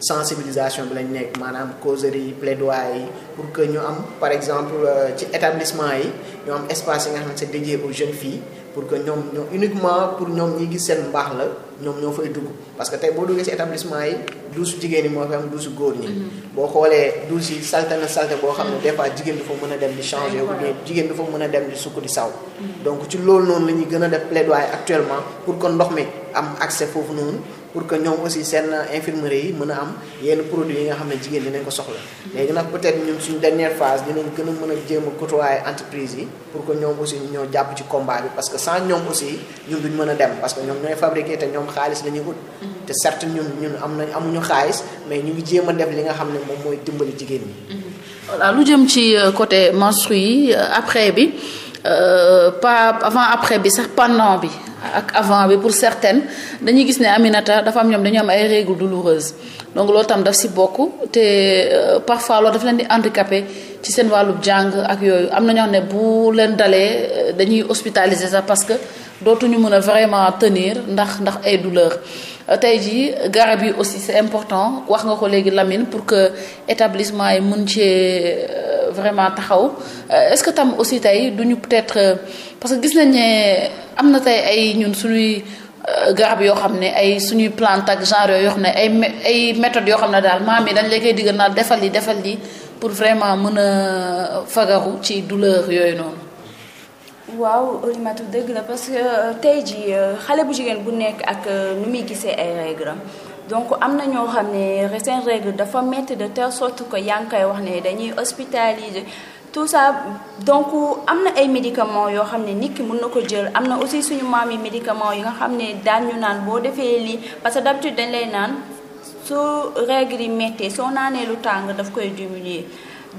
sensibilisation bi lañ nekk maanaam causerie plaidoyer yi pour que ñu am par exemple ci établissement yi. ñoo am espace yi nga xam ne c'est dédié aux jeunes filles pour que ñoom ñoo uniquement pour ñoom ñi gis seen mbaax la ñoom ñoo fay dugg parce que tey boo duggee ci établissement yi douze jigéen yi moo fi am douze góor ñi. Mm-hmm. boo xoolee douze yi salte na salte boo xam ne des fois jigéen dafa mën a dem di changer ou bien jigéen dafa mën a dem di sukk di saw. Mm-hmm. donc ci loolu noonu la ñuy gën a def plaidoyer actuellement pour ko ndox mi am accès foofu noonu. pour que ñoom aussi seen infirmerie yi mën a am yenn produits yi nga xam ne jigéen dinañ ko soxla léegi nag peut-être ñun suñu dernière phase dinañ gën a mën a jéem a côtoyer entreprise yi pour que ñoom aussi ñu ñoo jàpp ci combat bi parce que sans ñoom aussi ñun duñ mën a dem parce que ñoom ñooy fabriquer te ñoom xaalis la ut mm-hmm. te certes ñun ñun am nañ amuñu xaalis mais ñu ngi jéem a def li nga xam ne moom mooy dimbali jigéen ñi mm-hmm. voilà lu jëm ci euh, côté menstru yi euh, après bi Euh, pas avant après bi sax pendant bi ak avant bi pour certaines dañuy gis ne Aminata dafa am ñoom dañu am ay règles douloureuses donc loo tam daf si bokk te euh, parfois loolu dafa leen di handicapé ci seen wàllub jàng ak yooyu am na ñoo xam ne bu leen dalee euh, dañuy hospitaliser sax parce que dootuñu mën a vraiment tenir ndax ndax ay douleur tey jii garab yi aussi c'est important wax nga ko léegi Lamine pour que établissement yi mun cee euh, vraiment taxaw euh, est-ce que tam aussi tey duñu peut-être euh, parce que gis nañ ne am na tey ay ñun suñuy garab yoo xam ne ay suñuy plante ak genre yoo xam ne ay ay méthodes yoo xam ne daal maam yi dañ la koy diggal naa defal yi defal li pour vraiment mën a fagaru ci douleur yooyu noonu. waaw Oulimata dëgg la parce que euh, tey jii euh, xale bu jigéen bu nekk ak euh, nu muy gisee ay règles donc am na ñoo xam ne seen règle dafa métti de telle sot que yaa ngi koy wax ne dañuy hospitaliser tout ça donc am na ay médicaments yoo xam ne nit mun na ko jël am na aussi suñu maam yi médicaments yi nga xam ne daan ñu naan boo defee lii parce que d'habitude dañ lay naan su règle yi soo naanee lu tàng daf koy diminuer.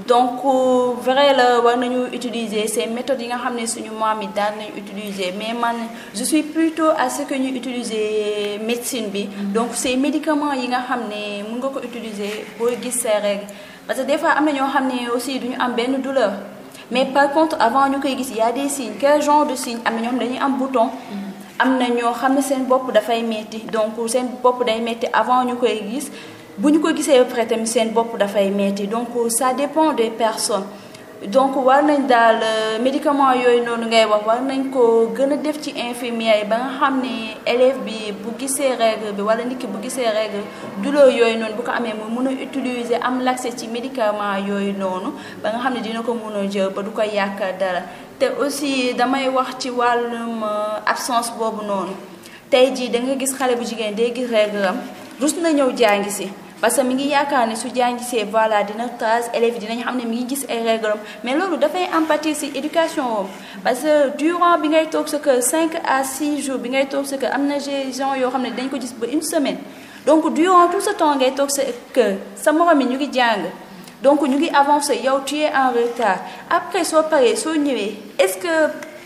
donc euh, vrai la war nañu utiliser ces méthodes yi nga xam ne suñu maam yi daan nañu utiliser mais man je suis plutôt à ce que ñu utiliser médecine bi mm-hmm. donc ces médicaments yi nga xam ne mun nga ko utiliser boo gis say règles parce que des fois am na ñoo xam ne aussi duñu am benn douleur mais par contre avant ñu koy gis y a des signes quel genre de signe am na ñoom dañuy am bouton mm-hmm. am na ñoo xam ne seen bopp dafay metti donc seen bopp day metti avant ñu koy gis bu ñu ko gisee après tamit seen bopp dafay metti donc ça dépend des personne donc war nañ daal euh, médicament yooyu noonu ngay wax war nañ ko gën a def ci infirmière yi ba nga xam ne élève bi bu gisee règle bi wala nit bu gisee règle douleur yooyu noonu bu ko amee mu mun a utiliser am l'accès ci médicament yooyu noonu ba nga xam ne dina ko mun a jël ba du koy yàq dara te aussi damay wax ci wàllum euh, absence boobu noonu tey jii da nga gis xale bu jigéen day gis règle am rus na ñëw jàngi si parce que mi ngi yaakaar ne su see voilà dina classe élèves yi dinañ xam ne mi ngi gis ay règle mais loolu dafay impacter ci éducation am parce que durant bi ngay toog sa kër 5 à 6 jours bi ngay toog sa kër am na gens yoo xam ne dañ ko gis ba une semaine donc durant tout ce temps ngay toog sa kër sa morom yi ñu ngi jàng donc ñu ngi avancer yow tu es en retard après soo paree soo ñëwee est-ce que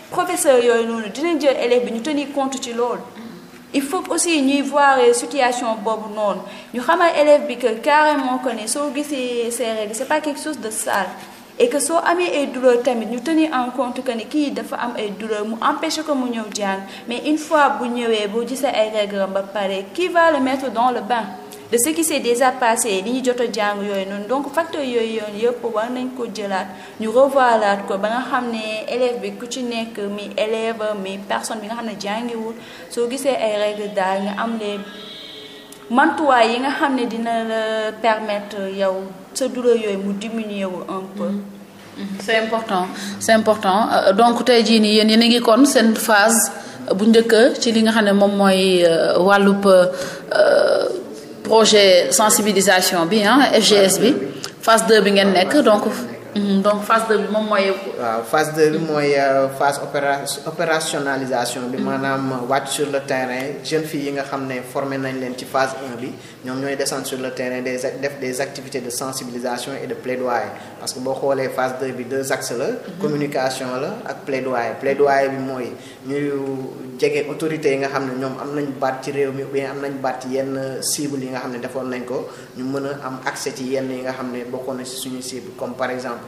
professeur yooyu noonu dinañ jël élève bi ñu tenir compte ci loolu. il faut aussi ñuy voir situation boobu noonu ñu xamal élève bi que carrément que ne soo gisee ces règles c'est pas quelque chose de sale et que soo amee ay douleur tamit ñu tenir en compte que ne kii dafa am ay douleur mu empêcher ko mu ñëw jàng mais une fois bu ñëwee boo gisee ay règles ba pare qui va le mettre dans le bain de ce qui s'est déjà passé li ñu jot jàng yooyu noonu donc facteur yooyu yoon yëpp war nañ ko jëlaat ñu revoilaat ko ba nga xam ne élève bi ku ci nekk mi élève mi personne bi nga xam ne jàngiwul soo gisee ay règle daal nga am les mantuwaay yi nga xam ne dina la permettre yow sa douleur yooyu mu diminuer wu un peu. Mm-hmm. Mm-hmm. c'est important c'est important euh, donc tey jii nii yéen yéen ngi kon seen phase bu njëkk ci li nga xam ne moom mooy wàllu euh, wàllub. Euh, projet sensibilisation bi ah FGS bi phase 2 bi ngeen nekk donc Mhm, donc phase 2 bi moom mooy. waaw phase 2 bi mooy euh, phase opéra bi mhm. maanaam euh, wàcc sur le terrain jeune filles yi nga xam ne forme nañ leen ci phase 1 bi ñoom ñooy descendre sur le terrain des def des activités de sensibilisation et de plaidoyer parce que boo xoolee phase 2 bi deux axes la. Mhm. communication la ak plaidoyer plaidoyer bi mooy ñuy jege autorités yi nga xam ne ñoom am nañu baat ci réew mi ou am nañu baat ci yenn euh, cibles yi nga xam ne defoon nañ ko ñu mën a am accès ci yi nga xam ne bokkoon na ci suñu cible comme par exemple.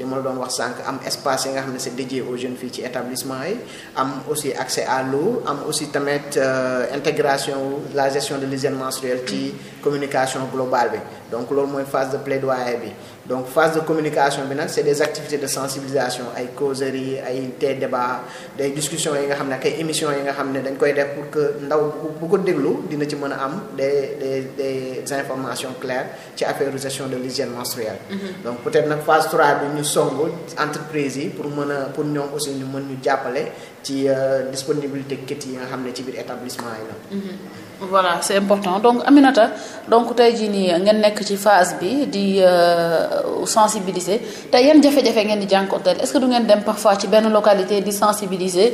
li ma la doon wax sànq am espace yi nga xam ne c'est dédié aux jeunes filles ci établissement yi am aussi accès à l'eau am aussi tamit euh, intégration la gestion de l'hygiène menstruelle ci communication globale bi donc loolu mooy phase de plaidoyer bi donc phase de communication bi nag c'est des activités de sensibilisation ay causeries ay té débat des discussions yi nga xam ne ak ay émissions yi nga xam ne dañ koy def pour que ndaw bu ko déglu dina ci mën a am des des des informations claires ci affaire gestion de l'hygiène menstruelle mm-hmm. donc peut-être nag phase 3 bi ñu songu entreprise yi pour mën a pour ñoom aussi ñu mën ñu jàppale ci euh, disponibilité kit yi nga xam ne ci biir établissement yi la mm-hmm. voilà c'est important donc Aminata donc tey jii nii ngeen nekk ci phase bi di euh, sensibiliser te yan jafe-jafe ngeen di jànkonteel est-ce que du ngeen dem parfois ci benn localité di sensibiliser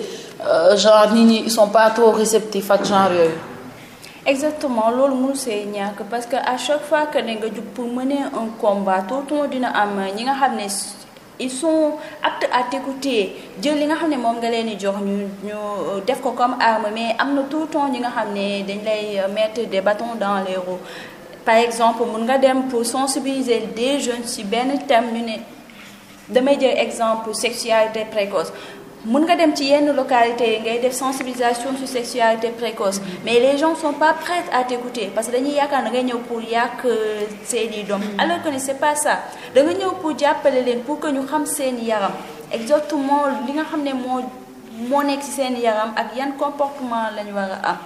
euh, genre nit ñi ils sont pas trop ak genre yooyu. exactement loolu mun see ñàkk parce que à chaque fois que ne nga jug pour mener un combat tout dina am ñi nga xam ne. ils sont aptes à t'écouter jël li nga xam ne moom nga leen di jox ñu ñu def ko comme arme mais am na tout temps ñi nga xam ne dañ lay mettre des bâtons dans les roues par exemple mun nga dem pour sensibiliser des jeunes ci benn thème ñu ne damay jël exemple sexualité précoce mun nga dem ci yenn localité yi ngay def sensibilisation sur sexualité précoce mais les gens sont pas prêts à t'écouter parce que dañuy yaakaar da ngay ñëw pour yàq euh, seeni doom alors que ne c'est pas ça da ñëw pour jàppale leen pour que ñu xam seen yaram exactement li nga xam ne moo moo nekk ci seen yaram ak yan comportement lañu war a am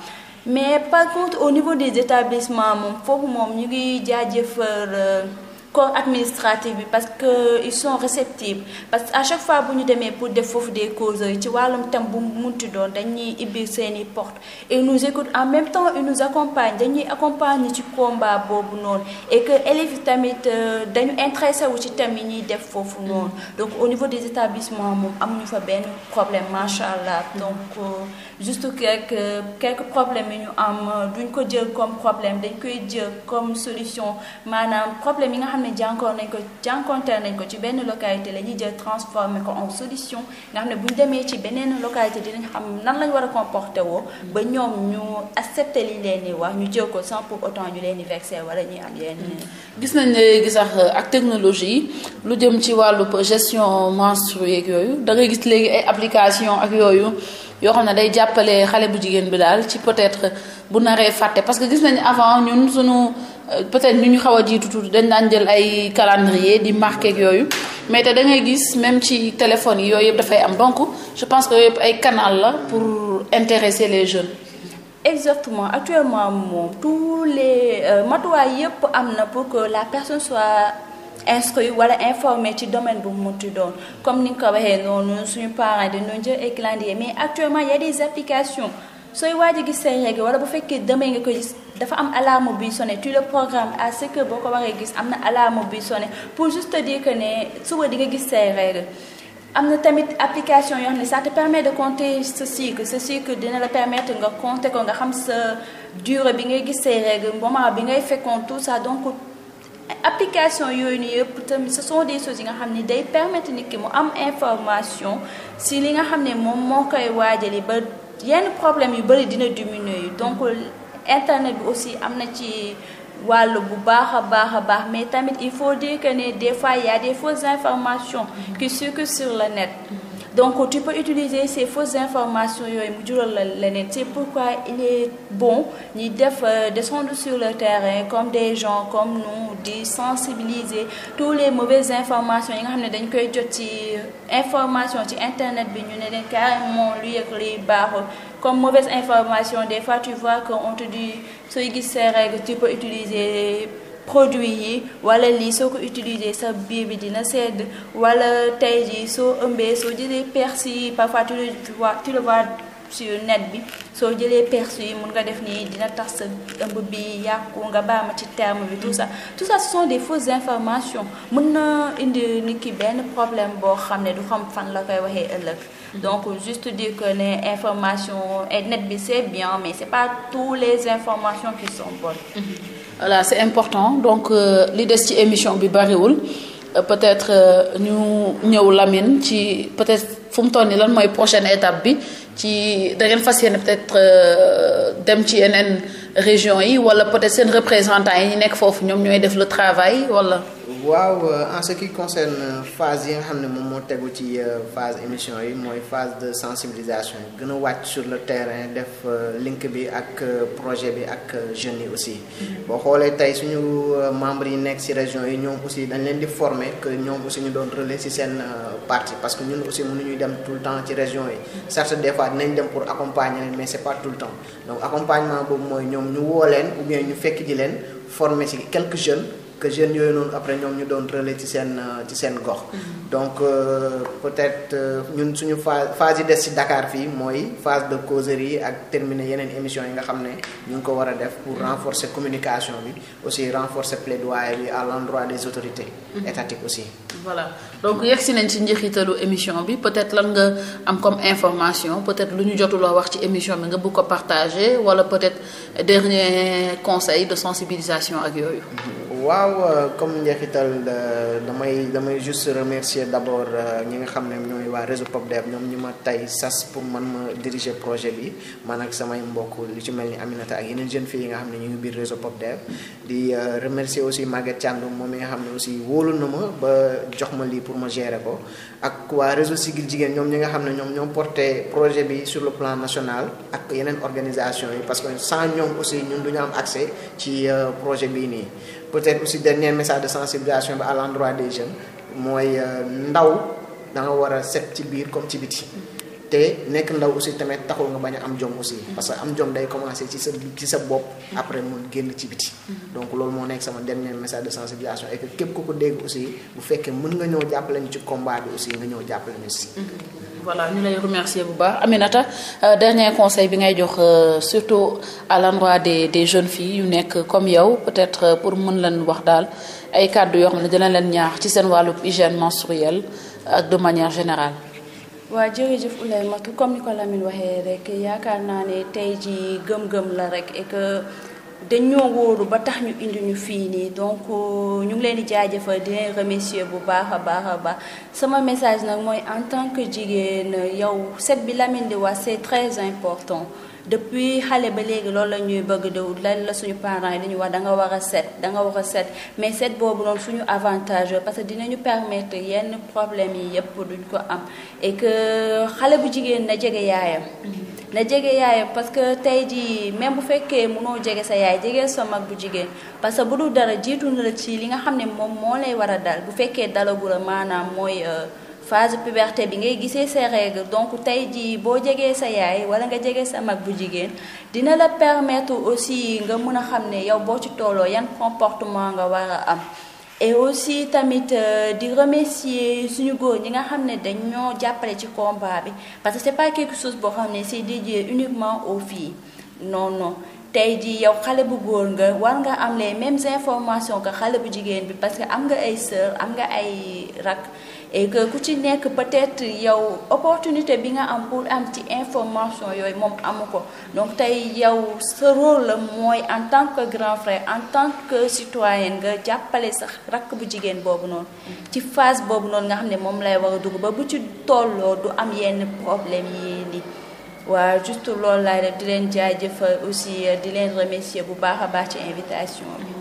mais par contre au niveau des établissements moom foofu moom ñu ngi jaajëfal euh, corps administratif bi parce que ils sont réceptifs parce que à chaque fois bu ñu demee pour def foofu des causeries ci wàllum thème bu mu munti doon dañuy ibbi seeni porte ils nous écoutent en même temps ils nous accompagnent dañuy accompagner ci combat boobu noonu et que élèves tamit euh, dañu intéressé wu ci thème yi ñuy def foofu noonu donc au niveau des établissements moom ñu fa benn problème macha allah donc euh, juste quelques quelques problèmes yi ñu am euh, duñ ko jël comme dañ koy jël comme solution maanaam problème xam ne jànkoon nañ ko nañ ko ci benn localité la ñuy jël transformé ko en solution nga xam ne bu demee ci beneen localité dinañ xam nan lañ war a comporté woo ba ñoom ñu accepté li leen di wax ñu jël ko sans pour autant ñu leen di vexé wala ñuy am yenn mm. gis nañ léegi sax euh, ak technologie lu jëm ci wàllu gestion menstruée ak yooyu da ngay gis léegi ay application ak yooyu yoo xam ne day jàppale xale bu jigéen bi daal ci peut-être bu naree fàtte parce Euh, peut-être ñu ñu xaw a jiitu tuuti dañ daan jël ay calendrier di marqué yooyu mais te da gis même ci téléphone yi yooyu yëpp dafay am donc je pense que yëpp ay canal pour intéresser les jeunes. exactement actuellement moom tous les euh, matuwaay yëpp am na pour que la personne soit instruit wala informé ci domaine bu mu munti doon comme ni nga ko waxee noonu suñu parents dañoo jël ay calendrier mais actuellement y a des applications sooy waaj a gis say règles wala bu fekkee demee nga ko gis. dafa am alarme buy sonné tu le programme à ce que boo ko waree gis am na alarme buy sonné pour juste dire que ne suba di nga gis say règles am na tamit application yoo xam ne ça te permet cycle cycle dina la permettre nga compter ko nga xam sa durée bi ngay gis say règles moment bi ngay fekkoon tout ça donc application yooyu nii yëpp tamit ce sont des choses yi nga xam ne day permettre nit ki mu am information si li nga xam ne moom moo koy waajali ba yenn problème yu bëri dina diminuer donc. internet bi aussi am na ci wàll bu baax a baax a baax mais tamit il faut dire que ne des fois il des fausses informations qui circulent sur le net donc tu peux utiliser ces fausses informations yooyu mu jural la leneen c'est pourquoi il est bon ñuy def euh, descendre sur le terrain comme des gens comme nous di sensibiliser tous les mauvaises informations yi nga xam ne dañ koy jot ci informations ci internet bi ñu ne leen carrément lu yëg liy baaxul comme mauvaise information des fois tu vois qu'on te dit sooy gis ses règles tu peux utiliser produit yi wala lii soo ko utiliser sa bi bi dina sedd wala tey jii soo ëmbee soo jëlee persil parfois tu le vois tu le sur net bi soo jëlee perçu yi mun nga def nii dina tax sa ëmb bi yàqu nga baal ma ci terme bi tout ça tout ça ce des fausses informations mun na indi nit ki benn problème boo xam ne du xam fan la koy waxee ëllëg donc juste dire que ne information et eh, net bi c'est bien mais c'est pas toutes les informations qui sont bonnes mm-hmm. voilà c'est important donc euh, li des ci émission bi bariwul euh, peut-être euh, ñu ñëw Lamine ci peut-être fu mu toll nii lan mooy prochaine étape bi ci da fas yéene peut-être euh, dem ci yeneen région yi wala peut-être seen représentants yi nekk foofu ñoom ñooy def le travail walla waaw euh, en ce qui concerne euh, phase yi nga xam ne moom moo tegu ci euh, phase émission yi mooy phase de sensibilisation gën a wàcc sur le terrain def link bi ak projet bi ak jeune yi aussi mm-hmm. boo xoolee tey suñu membres yi nekk ci région yi ñoom aussi dañ leen di former que ñoom aussi ñu doon relais ci seen parti parce que ñun aussi mënuñuy dem tout le temps ci région yi mm-hmm. certes des fois dinañ dem pour accompagner mais c'est pas tout le temps donc accompagnement boobu ñu woo leen ou ñu fekk ji leen former ci quelques jeunes que jeunes yooyu noonu après ñoom ñu doon relais ci seen euh, ci seen gox. Mm-hmm. donc euh, peut-être euh, ñun suñu phase phase yi des ci dakaar fii mooy phase de causerie ak terminer yeneen émission yi nga xam ne ñu ngi ko war a def pour mm-hmm. renforcer communication bi aussi renforcer plaidoyer bi à l'endroit des autorités mm-hmm. étatiques aussi. voilà donc yegg si nañ ci njeexitalu émission bi peut-être lan nga am comme information peut-être lu ñu jotuloo wax ci émission bi nga bëgg ko partager wala peut-être dernier conseil de sensibilisation ak yooyu. waaw euh, comme njeexital euh, damay damay juste remercier d' abord euh, ñi nga xam ne ñooy waa réseau PopDev ñoom ñu ma tay sas pour man ma diriger projet bi man ak samay mbokk li ci mel ni Aminata ak yeneen jeunes filles yi nga xam ne ñu ngi biir réseau PopDev di remercier aussi Maguette Thiandoum moom mi nga xam ne aussi wóolu na ma ba jox ma lii pour ma gérer ko ak waa Jigéen ñoom ñi nga xam ne ñoom ñoom porté projet bi sur le plan national ak yeneen organisation yi parce que sans ñoom aussi ñun duñu am accès ci projet bii nii peut-être aussi dernier message de sensibilisation bi à l'endroit des jeunes mooy euh, ndaw da war a set ci biir comme ci biti te nekk ndaw aussi tamit taxul nga bañ am jom aussi parce que am jom day commencer ci sa ci sa bopp après mun génn ci biti donc loolu moo nekk sama dernier message de sensibilisation et que képp ku ko dégg aussi bu fekkee mën nga ñëw jàppale ñu ci combat bi aussi nga ñëw jàppale ñu si voilà ñu lay remercier bu baax Aminata euh, dernier conseil bi ngay jox euh, surtout à l'endroit des des jeunes filles yu nekk comme yow peut-être euh, pour mun leen wax daal ay kàddu yoo xam ne dina leen ñaax ci seen wàllu hygiène menstruelle ak de manière générale. waa jërëjëf Ouleye Matou comme ni ko Lamine waxee rek yaakaar naa ne tey ji gëm-gëm la rek dañoo wóoru ba tax ñu indi ñu fii nii donc euh, ñu ngi leen di jaajëfal di leen remercier bu baax a baax a baax sama message nag mooy en tant que jigéen yow set bi Lamine di wax c'est très important depuis xale ba léegi loolu la ñuy bëgg de lan la suñu parent yi dañu wax da nga war a set da nga war a set mais set boobu noonu suñu avantage parce que dinañu permettre yenn problème yi yëpp duñ ko am et xale bu jigéen na jege yaayam. na jege yaayam parce que tey jii même bu fekkee mënoo jege sa yaay jege sa mag bu jigéen parce que bu dul dara jiitu na la ci li nga xam ne moom moo lay war a dal bu fekkee dalagu la maanaam mooy euh, phase puberté bi ngay gisee sa règle donc tey jii boo jegee sa yaay wala nga jege sa mag bu jigéen dina la permettre aussi nga mun a xam ne yow boo ci tolloo yan comportement nga war a am. et aussi tamit euh, di remercier suñu góor ñi nga xam ne dañ ñoo jàppale ci combat bi parce que c'est pas quelque chose boo xam ne c'est dédié uniquement au filles non non tey jii yow xale bu góor nga war nga am les même informations ko xale bu jigéen bi parce que am nga ay sœur am nga ay rak et que ku ci nekk peut-être yow opportunité bi nga am pour am ci information yooyu moom amu ko donc tey yow sa rôle la mooy en tant que grand frère en tant que citoyen nga jàppale sax rakk bu jigéen boobu noonu ci phase boobu noonu nga xam ne moom lay war a dugg ba bu ci tolloo du am yenn problème yi nii waa juste loolu laay def di leen jaajëfal aussi di leen remercier bu baax a baax ci invitation bi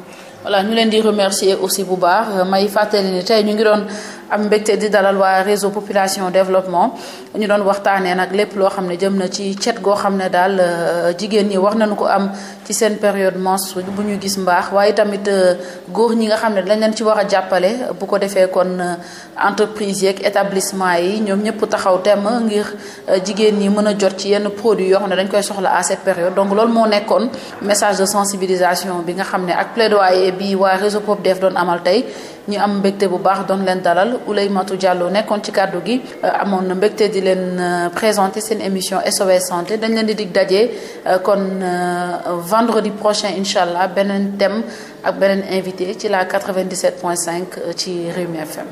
voilà ñu leen di remercier aussi bu baax may fàttali ni ñu ngi doon am mbégte di dalal waa réseau population développement ñu doon waxtaanee nag lépp loo xam ne jëm na ci cet goo xam ne daal euh, jigéen ñi wax nañu ko am ci seen période mens bu ñu gis mbaax waaye tamit euh, góor ñi nga xam ne dañ leen ci war a jàppale bu ko defee kon euh, entreprise yeeg établissement yi ñoom ñëpp taxaw temm ngir jigéen ñi mën a jot ci yenn produit yoo xam ne dañ koy soxla à cette période donc loolu moo nekkoon message de sensibilisation bi nga xam ne ak plaidoyer bi waa réseau Pop Dev doon amal tey ñu am mbégte bu baax doon leen dalal Ouleymatou Diallo nekkoon ci kàddu gi euh, amoon na mbégte di leen euh, présenter seen émission SOS santé dañ leen di dig daje euh, kon vendredi prochain incha allah beneen thème ak beneen invité ci la 97.5 ci Rewmi FM.